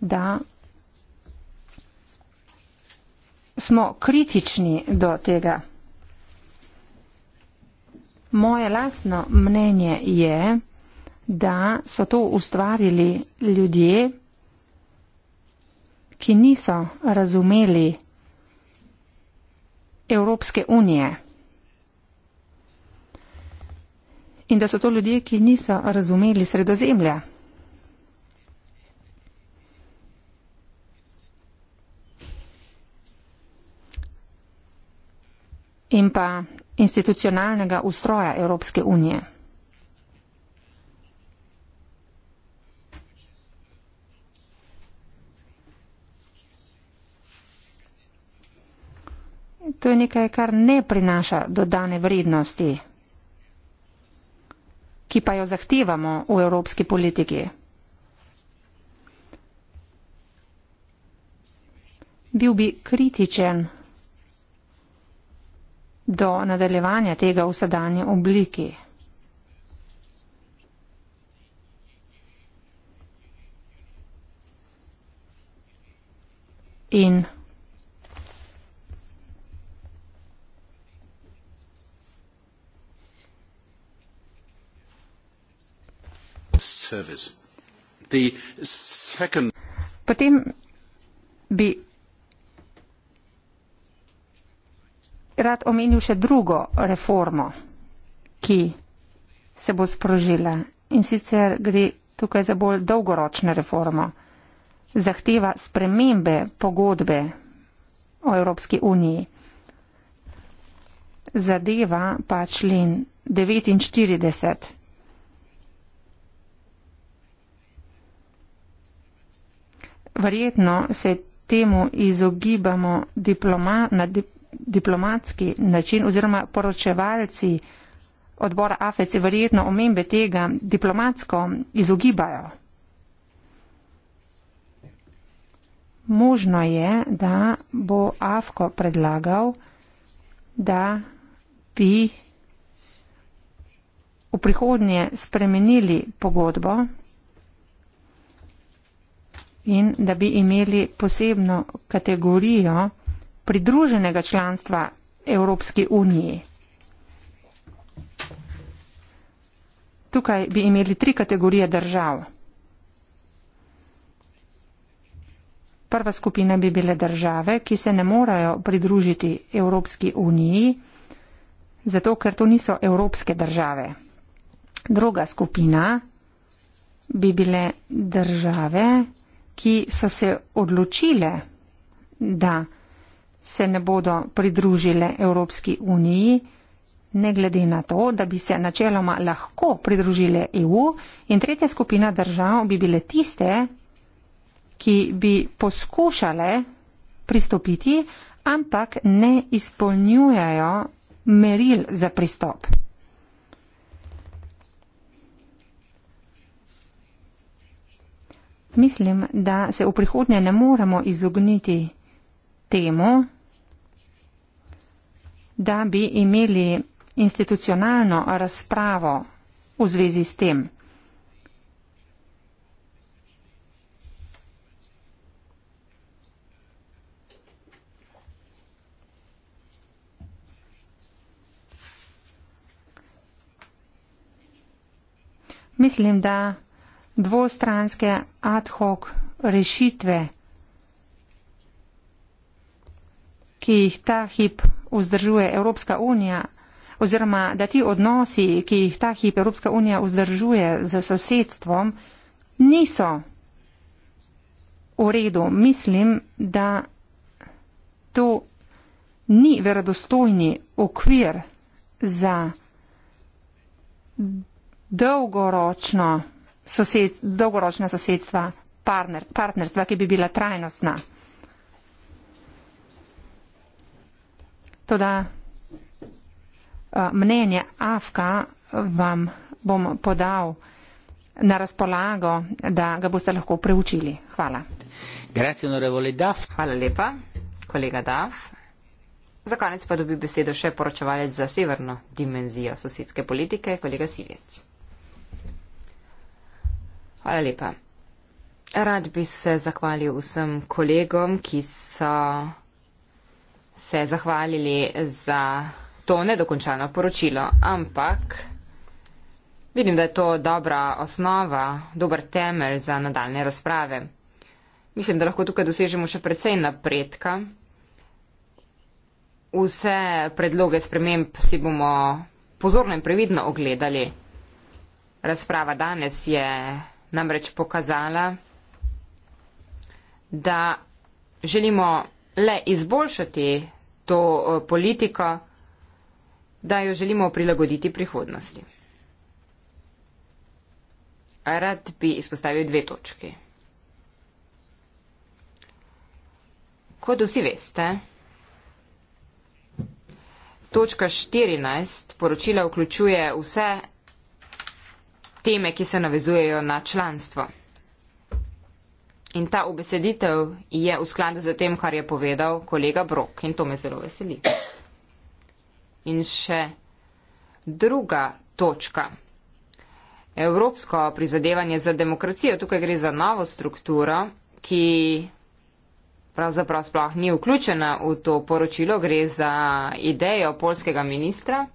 da smo kritični do tega. Moje lastno mnenje je, da so to ustvarili ljudje, ki niso razumeli Evropske unije. In da so to ljudje, ki niso razumeli sredozemlja. in pa institucionalnega ustroja Evropske unije. To je nekaj, kar ne prinaša dodane vrednosti, ki pa jo zahtevamo v evropski politiki. Bil bi kritičen do nadaljevanja tega v sedanji obliki. In Potem bi rad omenil še drugo reformo, ki se bo sprožila in sicer gre tukaj za bolj dolgoročno reformo. Zahteva spremembe pogodbe o Evropski uniji. Zadeva pa člen 49. Verjetno se temu izogibamo diploma, na dip, diplomatski način oziroma poročevalci odbora AFEC verjetno omembe tega diplomatsko izogibajo. Možno je, da bo AFKO predlagal, da bi v prihodnje spremenili pogodbo in da bi imeli posebno kategorijo, pridruženega članstva Evropski uniji. Tukaj bi imeli tri kategorije držav. Prva skupina bi bile države, ki se ne morajo pridružiti Evropski uniji, zato ker to niso evropske države. Druga skupina bi bile države, ki so se odločile, da se ne bodo pridružile Evropski uniji, ne glede na to, da bi se načeloma lahko pridružile EU in tretja skupina držav bi bile tiste, ki bi poskušale pristopiti, ampak ne izpolnjujejo meril za pristop. Mislim, da se v prihodnje ne moremo izogniti temu, da bi imeli institucionalno razpravo v zvezi s tem. Mislim, da dvostranske ad hoc rešitve, ki jih ta hip vzdržuje Evropska unija, oziroma da ti odnosi, ki jih ta hip Evropska unija vzdržuje z sosedstvom, niso v redu. Mislim, da to ni verodostojni okvir za dolgoročno sosed, dolgoročna sosedstva, partner, partnerstva, ki bi bila trajnostna. Toda eh, mnenje Afka vam bom podal na razpolago, da ga boste lahko preučili. Hvala. Hvala lepa, kolega Daf. Za konec pa dobi besedo še poročevalec za severno dimenzijo sosedske politike, kolega Sivec. Hvala lepa. Rad bi se zahvalil vsem kolegom, ki so se zahvalili za to nedokončano poročilo, ampak vidim, da je to dobra osnova, dober temelj za nadaljne razprave. Mislim, da lahko tukaj dosežemo še precej napredka. Vse predloge sprememb si bomo pozorno in previdno ogledali. Razprava danes je namreč pokazala, da želimo le izboljšati to eh, politiko, da jo želimo prilagoditi prihodnosti. Rad bi izpostavil dve točki. Kot vsi veste, točka 14 poročila vključuje vse teme, ki se navezujejo na članstvo. In ta obeseditev je v skladu z tem, kar je povedal kolega Brok in to me zelo veseli. In še druga točka. Evropsko prizadevanje za demokracijo, tukaj gre za novo strukturo, ki pravzaprav sploh ni vključena v to poročilo, gre za idejo polskega ministra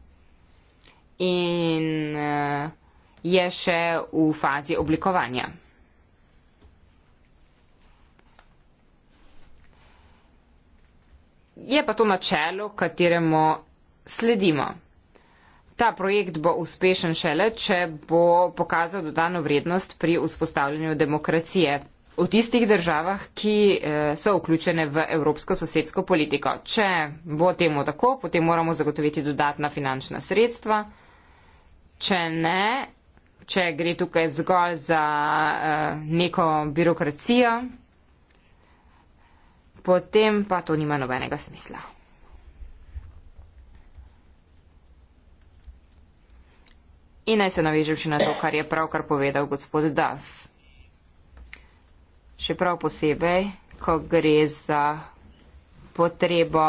in eh, je še v fazi oblikovanja. je pa to načelo, kateremu sledimo. Ta projekt bo uspešen šele, če bo pokazal dodano vrednost pri vzpostavljanju demokracije v tistih državah, ki eh, so vključene v evropsko sosedsko politiko. Če bo temu tako, potem moramo zagotoviti dodatna finančna sredstva. Če ne, če gre tukaj zgolj za eh, neko birokracijo, Potem pa to nima nobenega smisla. In naj se navežem še na to, kar je pravkar povedal gospod Duff. Še prav posebej, ko gre za potrebo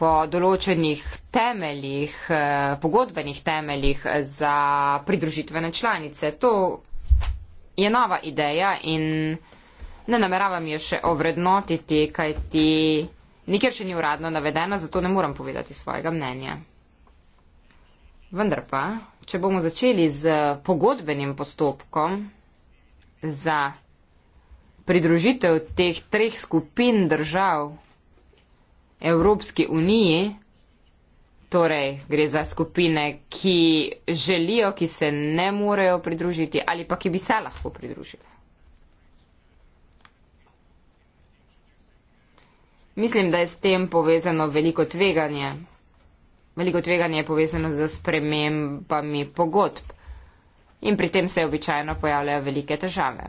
po določenih temeljih, eh, pogodbenih temeljih za pridružitvene članice. To je nova ideja in ne nameravam je še ovrednotiti, kaj ti nikjer še ni uradno navedena, zato ne moram povedati svojega mnenja. Vendar pa, če bomo začeli z pogodbenim postopkom za pridružitev teh treh skupin držav Evropske unije, torej gre za skupine, ki želijo, ki se ne morejo pridružiti ali pa ki bi se lahko pridružili. Mislim, da je s tem povezano veliko tveganje. Veliko tveganje je povezano z spremembami pogodb in pri tem se običajno pojavljajo velike težave.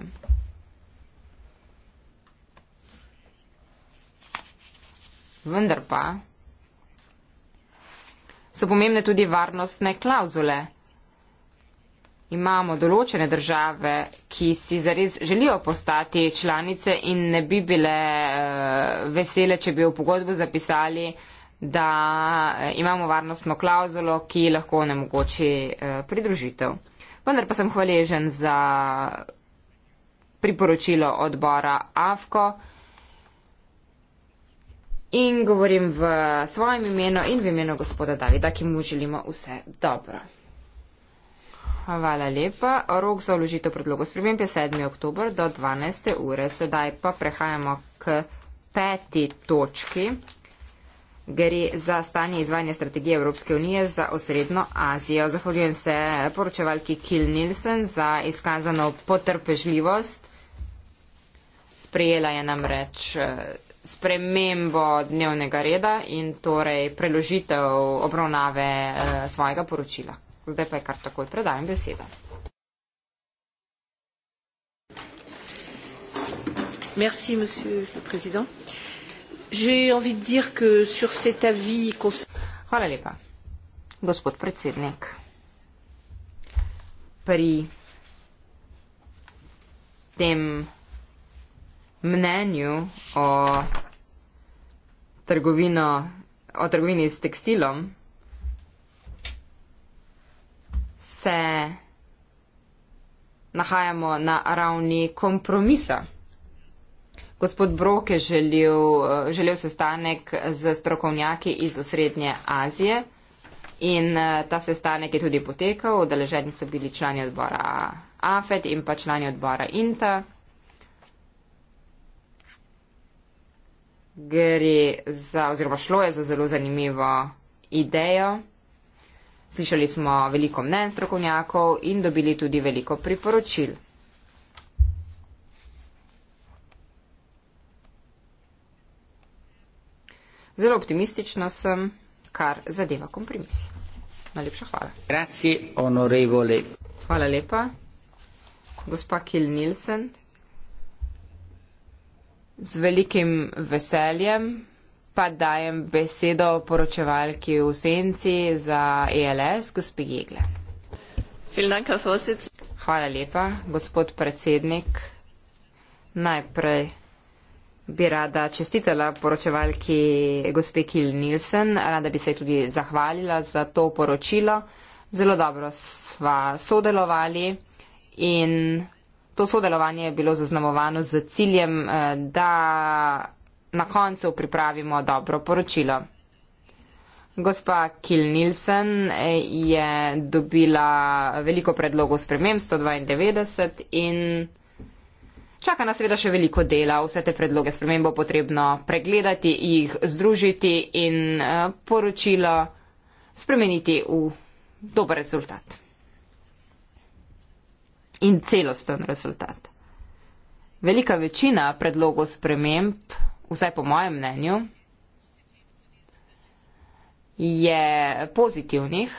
Vendar pa so pomembne tudi varnostne klauzule imamo določene države, ki si zares želijo postati članice in ne bi bile eh, vesele, če bi v pogodbo zapisali, da eh, imamo varnostno klauzulo, ki lahko onemogoči eh, pridružitev. Vendar pa sem hvaležen za priporočilo odbora AFKO in govorim v svojem imenu in v imenu gospoda Davida, ki mu želimo vse dobro. Hvala lepa. Rok za vložitev predlogov sprememb je 7. oktober do 12. ure. Sedaj pa prehajamo k peti točki. Gre za stanje izvajanja strategije Evropske unije za osrednjo Azijo. Zahvaljujem se poročevalki Kil Nilsen za izkazano potrpežljivost. Sprejela je namreč eh, spremembo dnevnega reda in torej preložitev obravnave eh, svojega poročila. Zdaj pa je kar takoj predajem besedo. Merci, monsieur le président. J'ai envie de dire que sur cet avis Hvala lepa, gospod predsednik. Pri tem mnenju o, trgovino, o trgovini s tekstilom se nahajamo na ravni kompromisa. Gospod Brok je želel, želel sestanek z strokovnjaki iz osrednje Azije in ta sestanek je tudi potekal. Odeleženi so bili člani odbora AFED in pa člani odbora INTA. Gre za, oziroma šlo je za zelo zanimivo idejo. Slišali smo veliko mnen strokovnjakov in dobili tudi veliko priporočil. Zelo optimistično sem, kar zadeva kompromis. Najlepša hvala. Grazie, onorevole. Hvala lepa. Gospa Kil Nilsen, z velikim veseljem pa dajem besedo poročevalki v senci za ELS, gospi Jegle. Hvala lepa, gospod predsednik. Najprej bi rada čestitela poročevalki gospe Kil Nilsen, rada bi se tudi zahvalila za to poročilo. Zelo dobro sva sodelovali in to sodelovanje je bilo zaznamovano z ciljem, eh, da na koncu pripravimo dobro poročilo. Gospa Kil Nilsen eh, je dobila veliko predlogov sprememb 192 in čaka nas seveda še veliko dela. Vse te predloge sprememb bo potrebno pregledati, jih združiti in eh, poročilo spremeniti v dober rezultat. In celosten rezultat. Velika večina predlogov sprememb vsaj po mojem mnenju, je pozitivnih.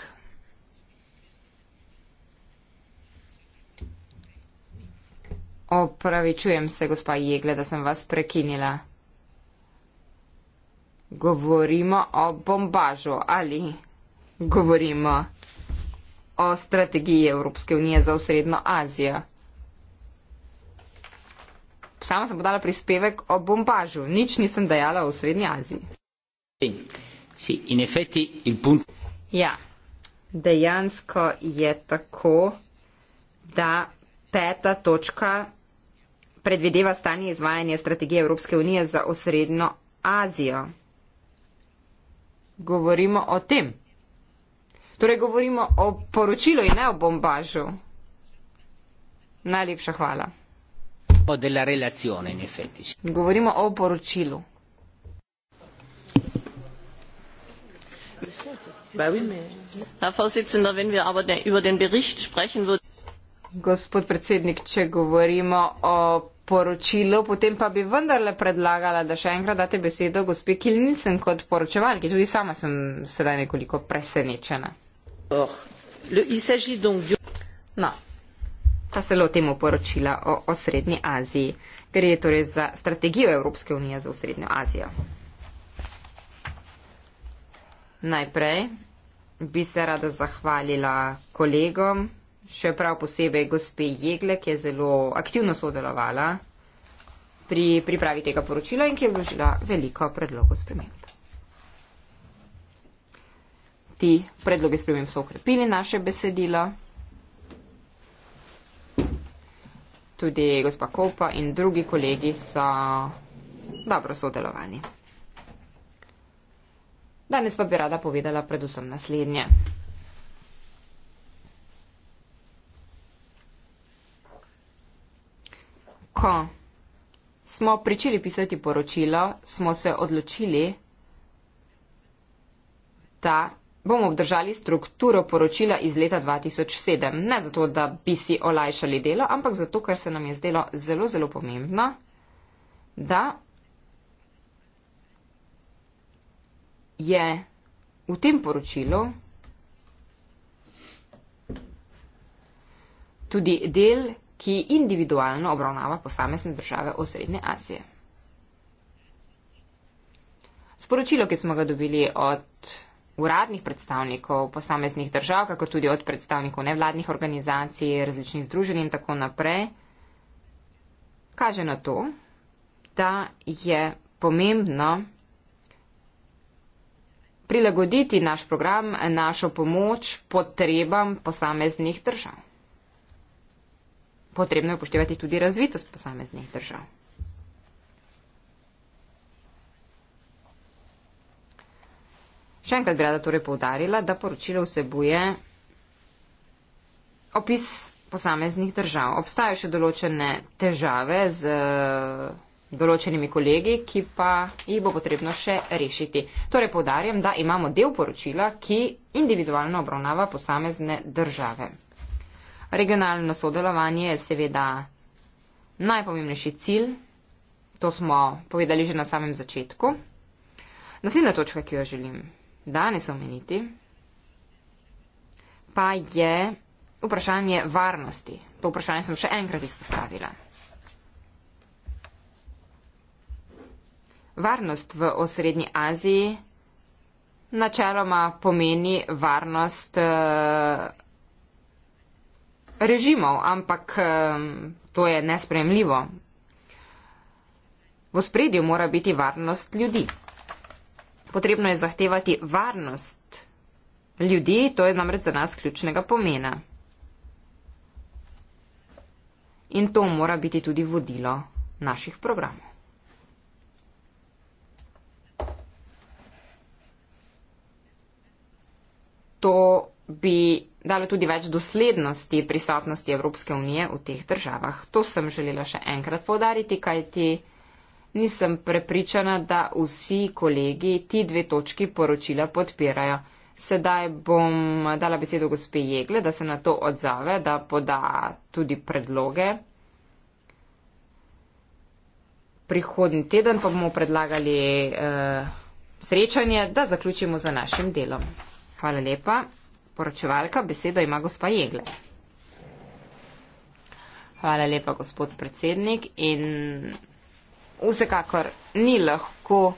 Opravičujem se, gospa Jegle, da sem vas prekinila. Govorimo o bombažu ali govorimo o strategiji Evropske unije za osrednjo Azijo. Sama sem podala prispevek o bombažu, nič nisem dejala v Srednji Aziji. Ja, dejansko je tako, da peta točka predvideva stanje izvajanja strategije Evropske unije za osrednjo Azijo. Govorimo o tem. Torej govorimo o poročilu in ne o bombažu. Najlepša hvala campo della relazione, in effetti. Govorimo o porucilu. Gospod predsednik, če govorimo o poročilu, potem pa bi vendarle predlagala, da še enkrat date besedo gospe Kilnilsen kot poročevalki. Tudi sama sem sedaj nekoliko presenečena. No, pa se lotimo poročila o, o Srednji Aziji. Gre torej za strategijo Evropske unije za Srednjo Azijo. Najprej bi se rada zahvalila kolegom, še prav posebej gospe Jegle, ki je zelo aktivno sodelovala pri pripravi tega poročila in ki je vložila veliko predlogov sprememb. Ti predloge sprememb so ukrepili naše besedilo. tudi gospa Kopa in drugi kolegi so dobro sodelovali. Danes pa bi rada povedala predvsem naslednje. Ko smo pričeli pisati poročilo, smo se odločili, da bomo obdržali strukturo poročila iz leta 2007. Ne zato, da bi si olajšali delo, ampak zato, ker se nam je zdelo zelo, zelo pomembno, da je v tem poročilu tudi del, ki individualno obravnava posamezne države osrednje Azije. Sporočilo, ki smo ga dobili od uradnih predstavnikov posameznih držav, kako tudi od predstavnikov nevladnih organizacij, različnih združenj in tako naprej, kaže na to, da je pomembno prilagoditi naš program, našo pomoč potrebam posameznih držav. Potrebno je upoštevati tudi razvitost posameznih držav. Še enkrat bi rada torej povdarila, da poročilo vsebuje opis posameznih držav. Obstajajo še določene težave z eh, določenimi kolegi, ki pa jih bo potrebno še rešiti. Torej povdarjam, da imamo del poročila, ki individualno obravnava posamezne države. Regionalno sodelovanje je seveda najpomembnejši cilj, to smo povedali že na samem začetku. Naslednja točka, ki jo želim danes omeniti, pa je vprašanje varnosti. To vprašanje sem še enkrat izpostavila. Varnost v osrednji Aziji načeloma pomeni varnost eh, režimov, ampak eh, to je nespremljivo. V spredju mora biti varnost ljudi potrebno je zahtevati varnost ljudi, to je namreč za nas ključnega pomena. In to mora biti tudi vodilo naših programov. To bi dalo tudi več doslednosti prisotnosti Evropske unije v teh državah. To sem želela še enkrat povdariti, kajti nisem prepričana, da vsi kolegi ti dve točki poročila podpirajo. Sedaj bom dala besedo gospe Jegle, da se na to odzave, da poda tudi predloge. Prihodni teden pa bomo predlagali eh, srečanje, da zaključimo za našim delom. Hvala lepa. Poročevalka, besedo ima gospa Jegle. Hvala lepa, gospod predsednik. In vsekakor ni lahko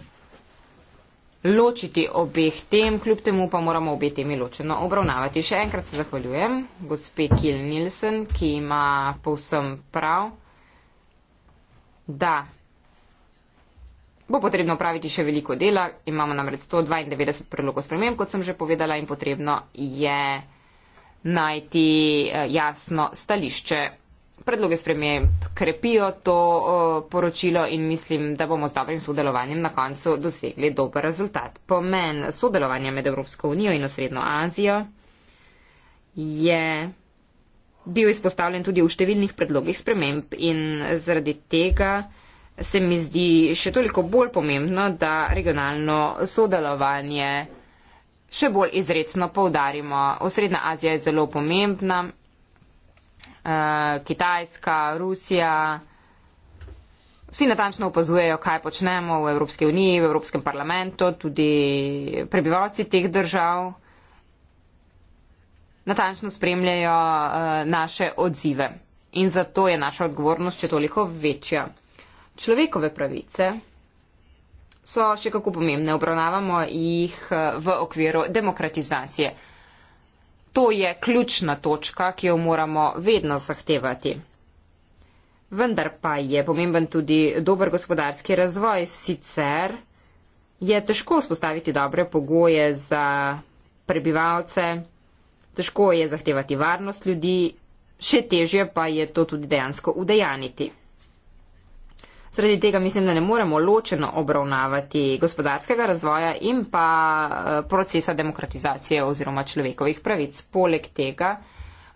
ločiti obeh tem, kljub temu pa moramo obe temi ločeno obravnavati. Še enkrat se zahvaljujem gospe Kil Nilsen, ki ima povsem prav, da bo potrebno praviti še veliko dela. Imamo namreč 192 predlogov sprememb, kot sem že povedala, in potrebno je najti eh, jasno stališče predloge sprememb krepijo to poročilo in mislim, da bomo z dobrim sodelovanjem na koncu dosegli dober rezultat. Pomen sodelovanja med Evropsko unijo in osrednjo Azijo je bil izpostavljen tudi v številnih predlogih sprememb in zaradi tega se mi zdi še toliko bolj pomembno, da regionalno sodelovanje še bolj izredno poudarimo. Osrednja Azija je zelo pomembna, Eh, Kitajska, Rusija. Vsi natančno opazujejo, kaj počnemo v Evropski uniji, v Evropskem parlamentu, tudi prebivalci teh držav natančno spremljajo uh, naše odzive. In zato je naša odgovornost še toliko večja. Človekove pravice so še kako pomembne. Obravnavamo jih eh, v okviru demokratizacije. Uh, To je ključna točka, ki jo moramo vedno zahtevati. Vendar pa je pomemben tudi dober gospodarski razvoj, sicer je težko vzpostaviti dobre pogoje za prebivalce, težko je zahtevati varnost ljudi, še težje pa je to tudi dejansko udejaniti. Zaradi tega mislim, da ne moremo ločeno obravnavati gospodarskega razvoja in pa eh, procesa demokratizacije oziroma človekovih pravic. Poleg tega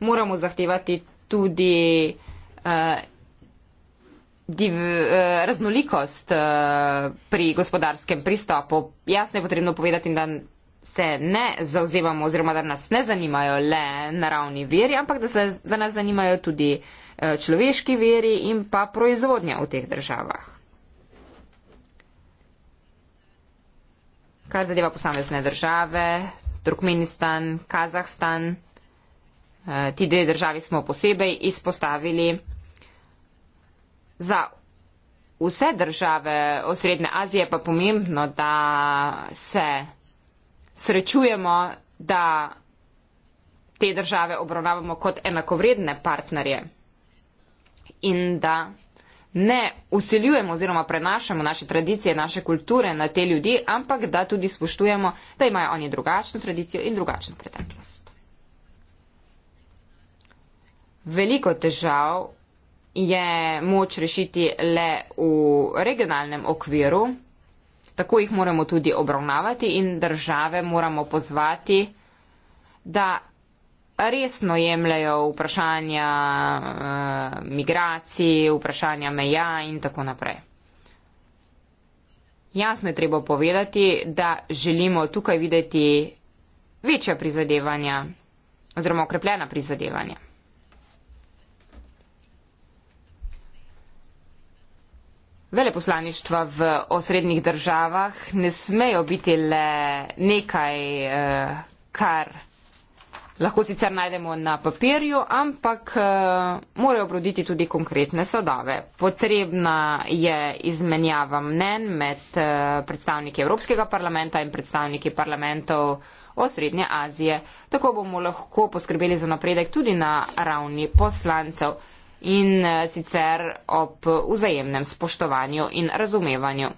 moramo zahtevati tudi uh, div, uh, raznolikost uh, pri gospodarskem pristopu. Jasno je potrebno povedati, da se ne zauzevamo oziroma da nas ne zanimajo le naravni veri, ampak da, se, da nas zanimajo tudi uh, Eh, človeški veri in pa proizvodnja v teh državah. Kar zadeva posamezne države, Turkmenistan, Kazahstan, eh, ti dve državi smo posebej izpostavili. Za vse države osrednje Azije pa pomembno, da se srečujemo, da te države obravnavamo kot enakovredne partnerje in da ne usiljujemo oziroma prenašamo naše tradicije, naše kulture na te ljudi, ampak da tudi spoštujemo, da imajo oni drugačno tradicijo in drugačno preteklost. Veliko težav je moč rešiti le v regionalnem okviru, tako jih moramo tudi obravnavati in države moramo pozvati, da resno jemljajo vprašanja uh, migracij, vprašanja meja in tako naprej. Jasno je treba povedati, da želimo tukaj videti večja prizadevanja oziroma okrepljena prizadevanja. Veleposlaništva v osrednjih državah ne smejo biti le nekaj, eh, kar lahko sicer najdemo na papirju, ampak eh, morajo obroditi tudi konkretne sadove. Potrebna je izmenjava mnen med eh, predstavniki Evropskega parlamenta in predstavniki parlamentov osrednje Azije. Tako bomo lahko poskrbeli za napredek tudi na ravni poslancev in eh, sicer ob vzajemnem spoštovanju in razumevanju.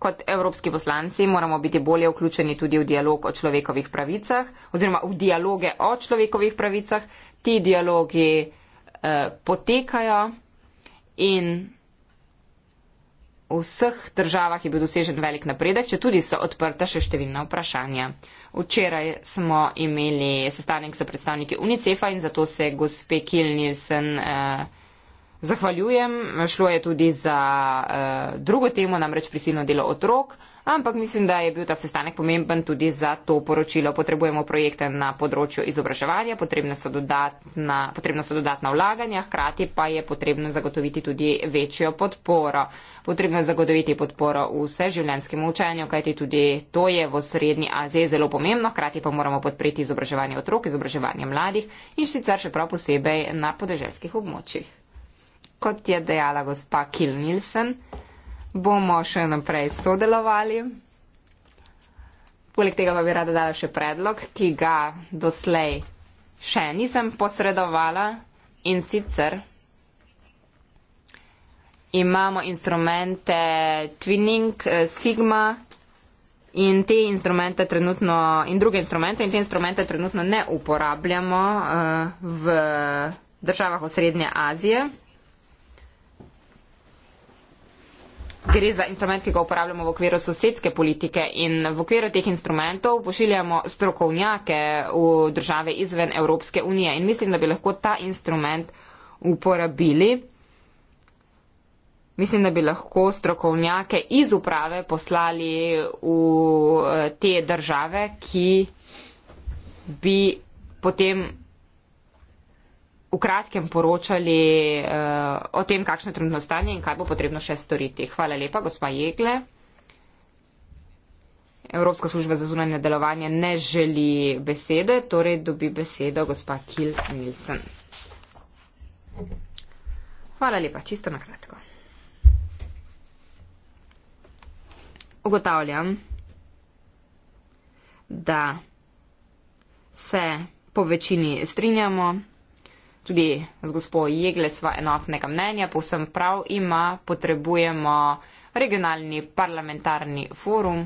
Kot evropski poslanci moramo biti bolje vključeni tudi v dialog o človekovih pravicah oziroma v dialoge o človekovih pravicah. Ti dialogi eh, potekajo in v vseh državah je bil dosežen velik napredek, če tudi so odprta še številna vprašanja. Včeraj smo imeli sestanek s predstavniki UNICEF-a in zato se gospe Kilnisen eh, Zahvaljujem, šlo je tudi za uh, drugo temo, namreč prisilno delo otrok, ampak mislim, da je bil ta sestanek pomemben tudi za to poročilo. Potrebujemo projekte na področju izobraževanja, potrebna so dodatna, potrebna so dodatna vlaganja, hkrati pa je potrebno zagotoviti tudi večjo podporo. Potrebno je zagotoviti podporo vseživljenskemu učenju, kajti tudi to je v srednji Aziji zelo pomembno, hkrati pa moramo podpreti izobraževanje otrok, izobraževanje mladih in sicer še prav posebej na podeželskih območjih kot je dejala gospa Kil Nilsen, bomo še naprej sodelovali. Poleg tega pa bi rada dala še predlog, ki ga doslej še nisem posredovala in sicer imamo instrumente Twinning, eh, Sigma in te instrumente trenutno in druge instrumente in te instrumente trenutno ne uporabljamo uh, v državah v Srednje Azije. Gre za instrument, ki ga uporabljamo v okviru sosedske politike in v okviru teh instrumentov pošiljamo strokovnjake v države izven Evropske unije in mislim, da bi lahko ta instrument uporabili. Mislim, da bi lahko strokovnjake iz uprave poslali v eh, te države, ki bi potem v kratkem poročali uh, o tem, kakšno je trenutno stanje in kaj bo potrebno še storiti. Hvala lepa, gospa Jegle. Evropska služba za zunanje delovanje ne želi besede, torej dobi besedo gospa Kil Nilsen. Hvala lepa, čisto na kratko. Ugotavljam, da se po večini strinjamo. Tudi z gospo Jegle sva enotnega mnenja, povsem prav ima, potrebujemo regionalni parlamentarni forum.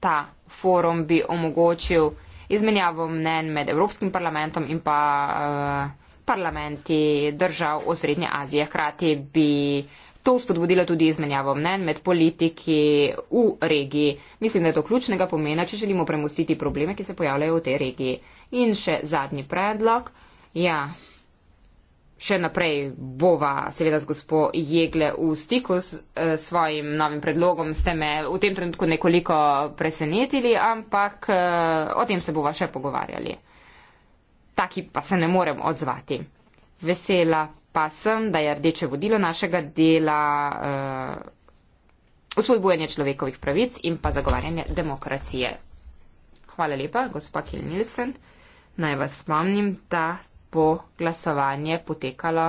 Ta forum bi omogočil izmenjavo mnen med Evropskim parlamentom in pa eh, parlamenti držav v Srednje Azije. Hkrati bi to spodbudilo tudi izmenjavo mnen med politiki v regiji. Mislim, da je to ključnega pomena, če želimo premustiti probleme, ki se pojavljajo v tej regiji. In še zadnji predlog. Ja, še naprej bova seveda z gospo Jegle v stiku s eh, svojim novim predlogom. Ste me v tem trenutku nekoliko presenetili, ampak eh, o tem se bova še pogovarjali. Taki pa se ne morem odzvati. Vesela pa sem, da je rdeče vodilo našega dela eh, uspodbujanje človekovih pravic in pa zagovarjanje demokracije. Hvala lepa, gospa Kilnilsen naj vas spomnim, da bo glasovanje potekalo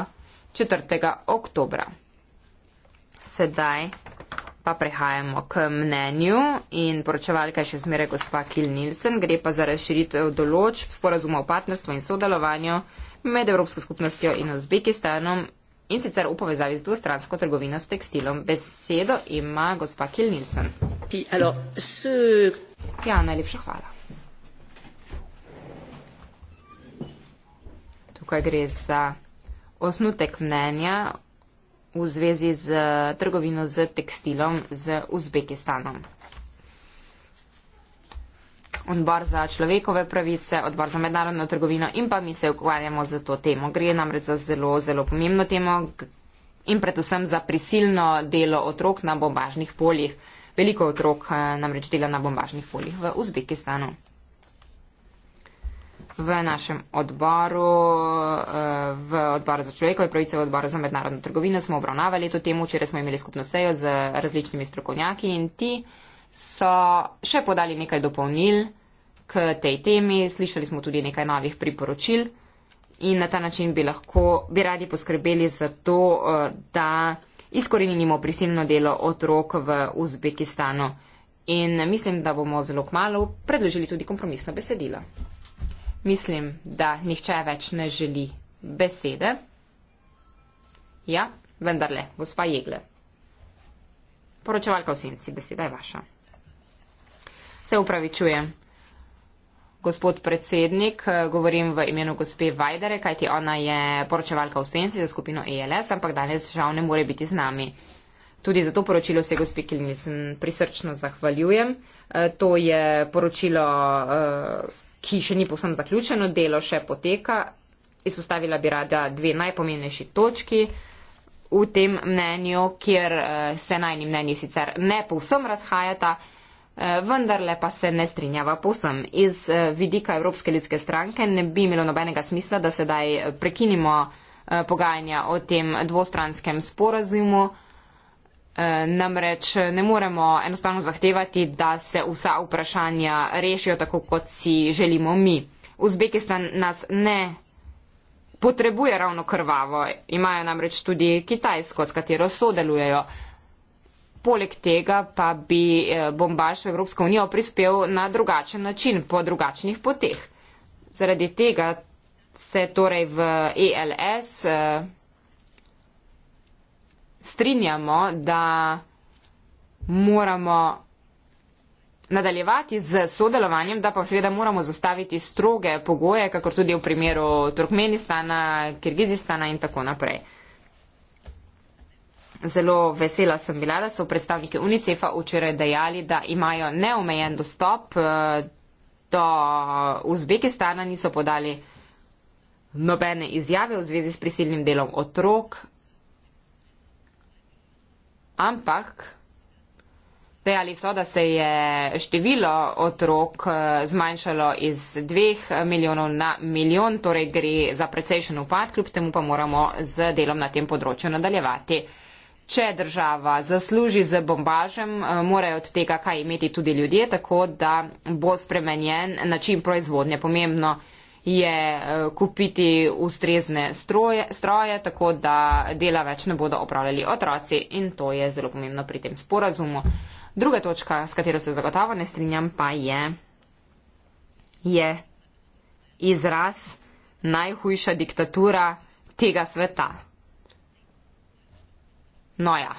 4. oktober. Sedaj pa prehajamo k mnenju in poročevalka je še zmeraj gospa Kil Nilsen, gre pa za razširitev določb sporazuma o partnerstvu in sodelovanju med Evropsko skupnostjo in Uzbekistanom in sicer v povezavi z dvostransko trgovino s tekstilom. Besedo ima gospa Kil Nilsen. Ja, najlepša hvala. tukaj gre za osnutek mnenja v zvezi z trgovino z tekstilom z Uzbekistanom. Odbor za človekove pravice, odbor za mednarodno trgovino in pa mi se ukvarjamo z to temo. Gre namreč za zelo, zelo pomembno temo in predvsem za prisilno delo otrok na bombažnih poljih. Veliko otrok eh, namreč dela na bombažnih poljih v Uzbekistanu v našem odboru, eh, v odboru za človekove pravice, v odboru za mednarodno trgovino smo obravnavali to temo, včeraj smo imeli skupno sejo z različnimi strokovnjaki in ti so še podali nekaj dopolnil k tej temi, slišali smo tudi nekaj novih priporočil in na ta način bi lahko, bi radi poskrbeli za to, eh, da izkorenimo prisilno delo otrok v Uzbekistanu. In mislim, da bomo zelo kmalo predložili tudi kompromisno besedilo. Mislim, da nihče več ne želi besede. Ja, vendarle, gospa Jegle. Poročevalka v senci, beseda je vaša. Se upravičujem. Gospod predsednik, govorim v imenu gospe Vajdere, kajti ona je poročevalka v senci za skupino ELS, ampak danes žal ne more biti z nami. Tudi za to poročilo se gospe Kilnisen prisrčno zahvaljujem. E, to je poročilo e, ki še ni povsem zaključeno, delo še poteka. Izpostavila bi rada dve najpomembnejši točki v tem mnenju, kjer eh, se najni mnenji sicer ne povsem razhajata, eh, vendarle pa se ne strinjava povsem. Iz eh, vidika Evropske ljudske stranke ne bi imelo nobenega smisla, da sedaj prekinimo pogajanja o tem dvostranskem sporazumu. Eh, namreč ne moremo enostavno zahtevati, da se vsa vprašanja rešijo tako, kot si želimo mi. Uzbekistan nas ne potrebuje ravno krvavo, imajo namreč tudi Kitajsko, s katero sodelujejo. Poleg tega pa bi eh, bombaž v Evropsko unijo prispel na drugačen način, po drugačnih poteh. Zaradi tega se torej v ELS eh, strinjamo, da moramo nadaljevati z sodelovanjem, da pa seveda moramo zastaviti stroge pogoje, kakor tudi v primeru Turkmenistana, Kirgizistana in tako naprej. Zelo vesela sem bila, da so predstavniki UNICEF-a včeraj dejali, da imajo neomejen dostop eh, do Uzbekistana, niso podali nobene izjave v zvezi s prisilnim delom otrok, ampak dejali so, da se je število otrok eh, zmanjšalo iz dveh milijonov na milijon, torej gre za precejšen upad, kljub temu pa moramo z delom na tem področju nadaljevati. Če država zasluži z bombažem, eh, morajo od tega kaj imeti tudi ljudje, tako da bo spremenjen način proizvodnje pomembno je eh, kupiti ustrezne stroje, stroje, tako da dela več ne bodo opravljali otroci in to je zelo pomembno pri tem sporazumu. Druga točka, s katero se zagotovo ne strinjam, pa je, je izraz najhujša diktatura tega sveta. No ja,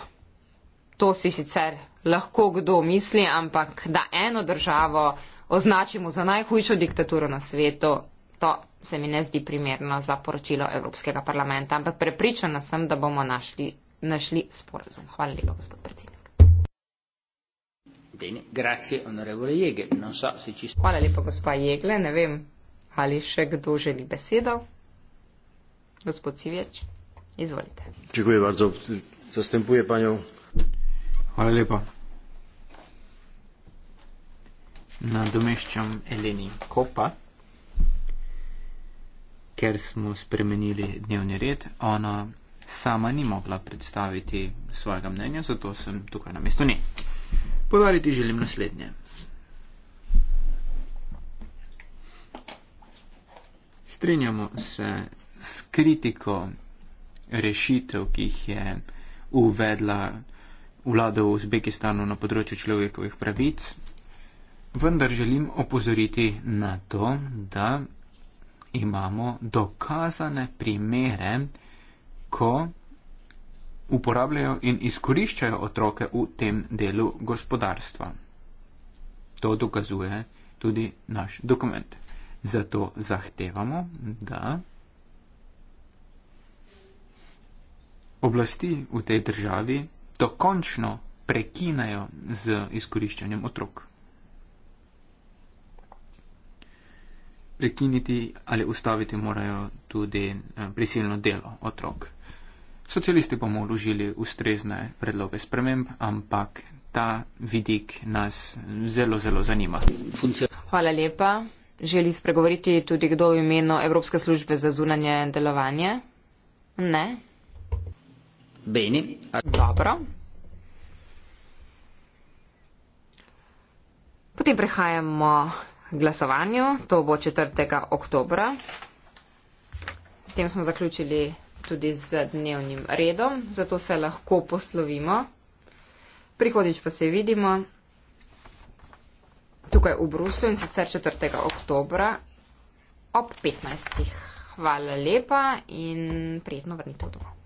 to si sicer lahko kdo misli, ampak da eno državo označimo za najhujšo diktaturo na svetu, To se mi ne zdi primerno za poročilo Evropskega parlamenta, ampak prepričana sem, da bomo našli, našli sporozum. Hvala lepa, gospod predsednik. Hvala lepa, gospa Jegle. Ne vem, ali še kdo želi besedo. Gospod Civeč, izvolite. Čekujem vas, da zastempuje panjo. Hvala lepa. Nadomeščam Eleni Kopa ker smo spremenili dnevni red, ona sama ni mogla predstaviti svojega mnenja, zato sem tukaj na mestu nje. Podariti želim naslednje. Strinjamo se s kritiko rešitev, ki jih je uvedla vlada v Uzbekistanu na področju človekovih pravic, vendar želim opozoriti na to, da imamo dokazane primere, ko uporabljajo in izkoriščajo otroke v tem delu gospodarstva. To dokazuje tudi naš dokument. Zato zahtevamo, da oblasti v tej državi dokončno prekinajo z izkoriščanjem otrok. prekiniti ali ustaviti morajo tudi eh, prisilno delo otrok. Socialisti bomo vložili ustrezne predloge sprememb, ampak ta vidik nas zelo, zelo zanima. Hvala lepa. Želi spregovoriti tudi kdo v imenu Evropske službe za zunanje delovanje? Ne. Beni. Dobro. Potem prehajamo glasovanju, to bo 4. oktobra. S tem smo zaključili tudi z dnevnim redom, zato se lahko poslovimo. Prihodič pa se vidimo tukaj v Bruslu in sicer 4. oktobra ob 15. Hvala lepa in prijetno vrnitev domov.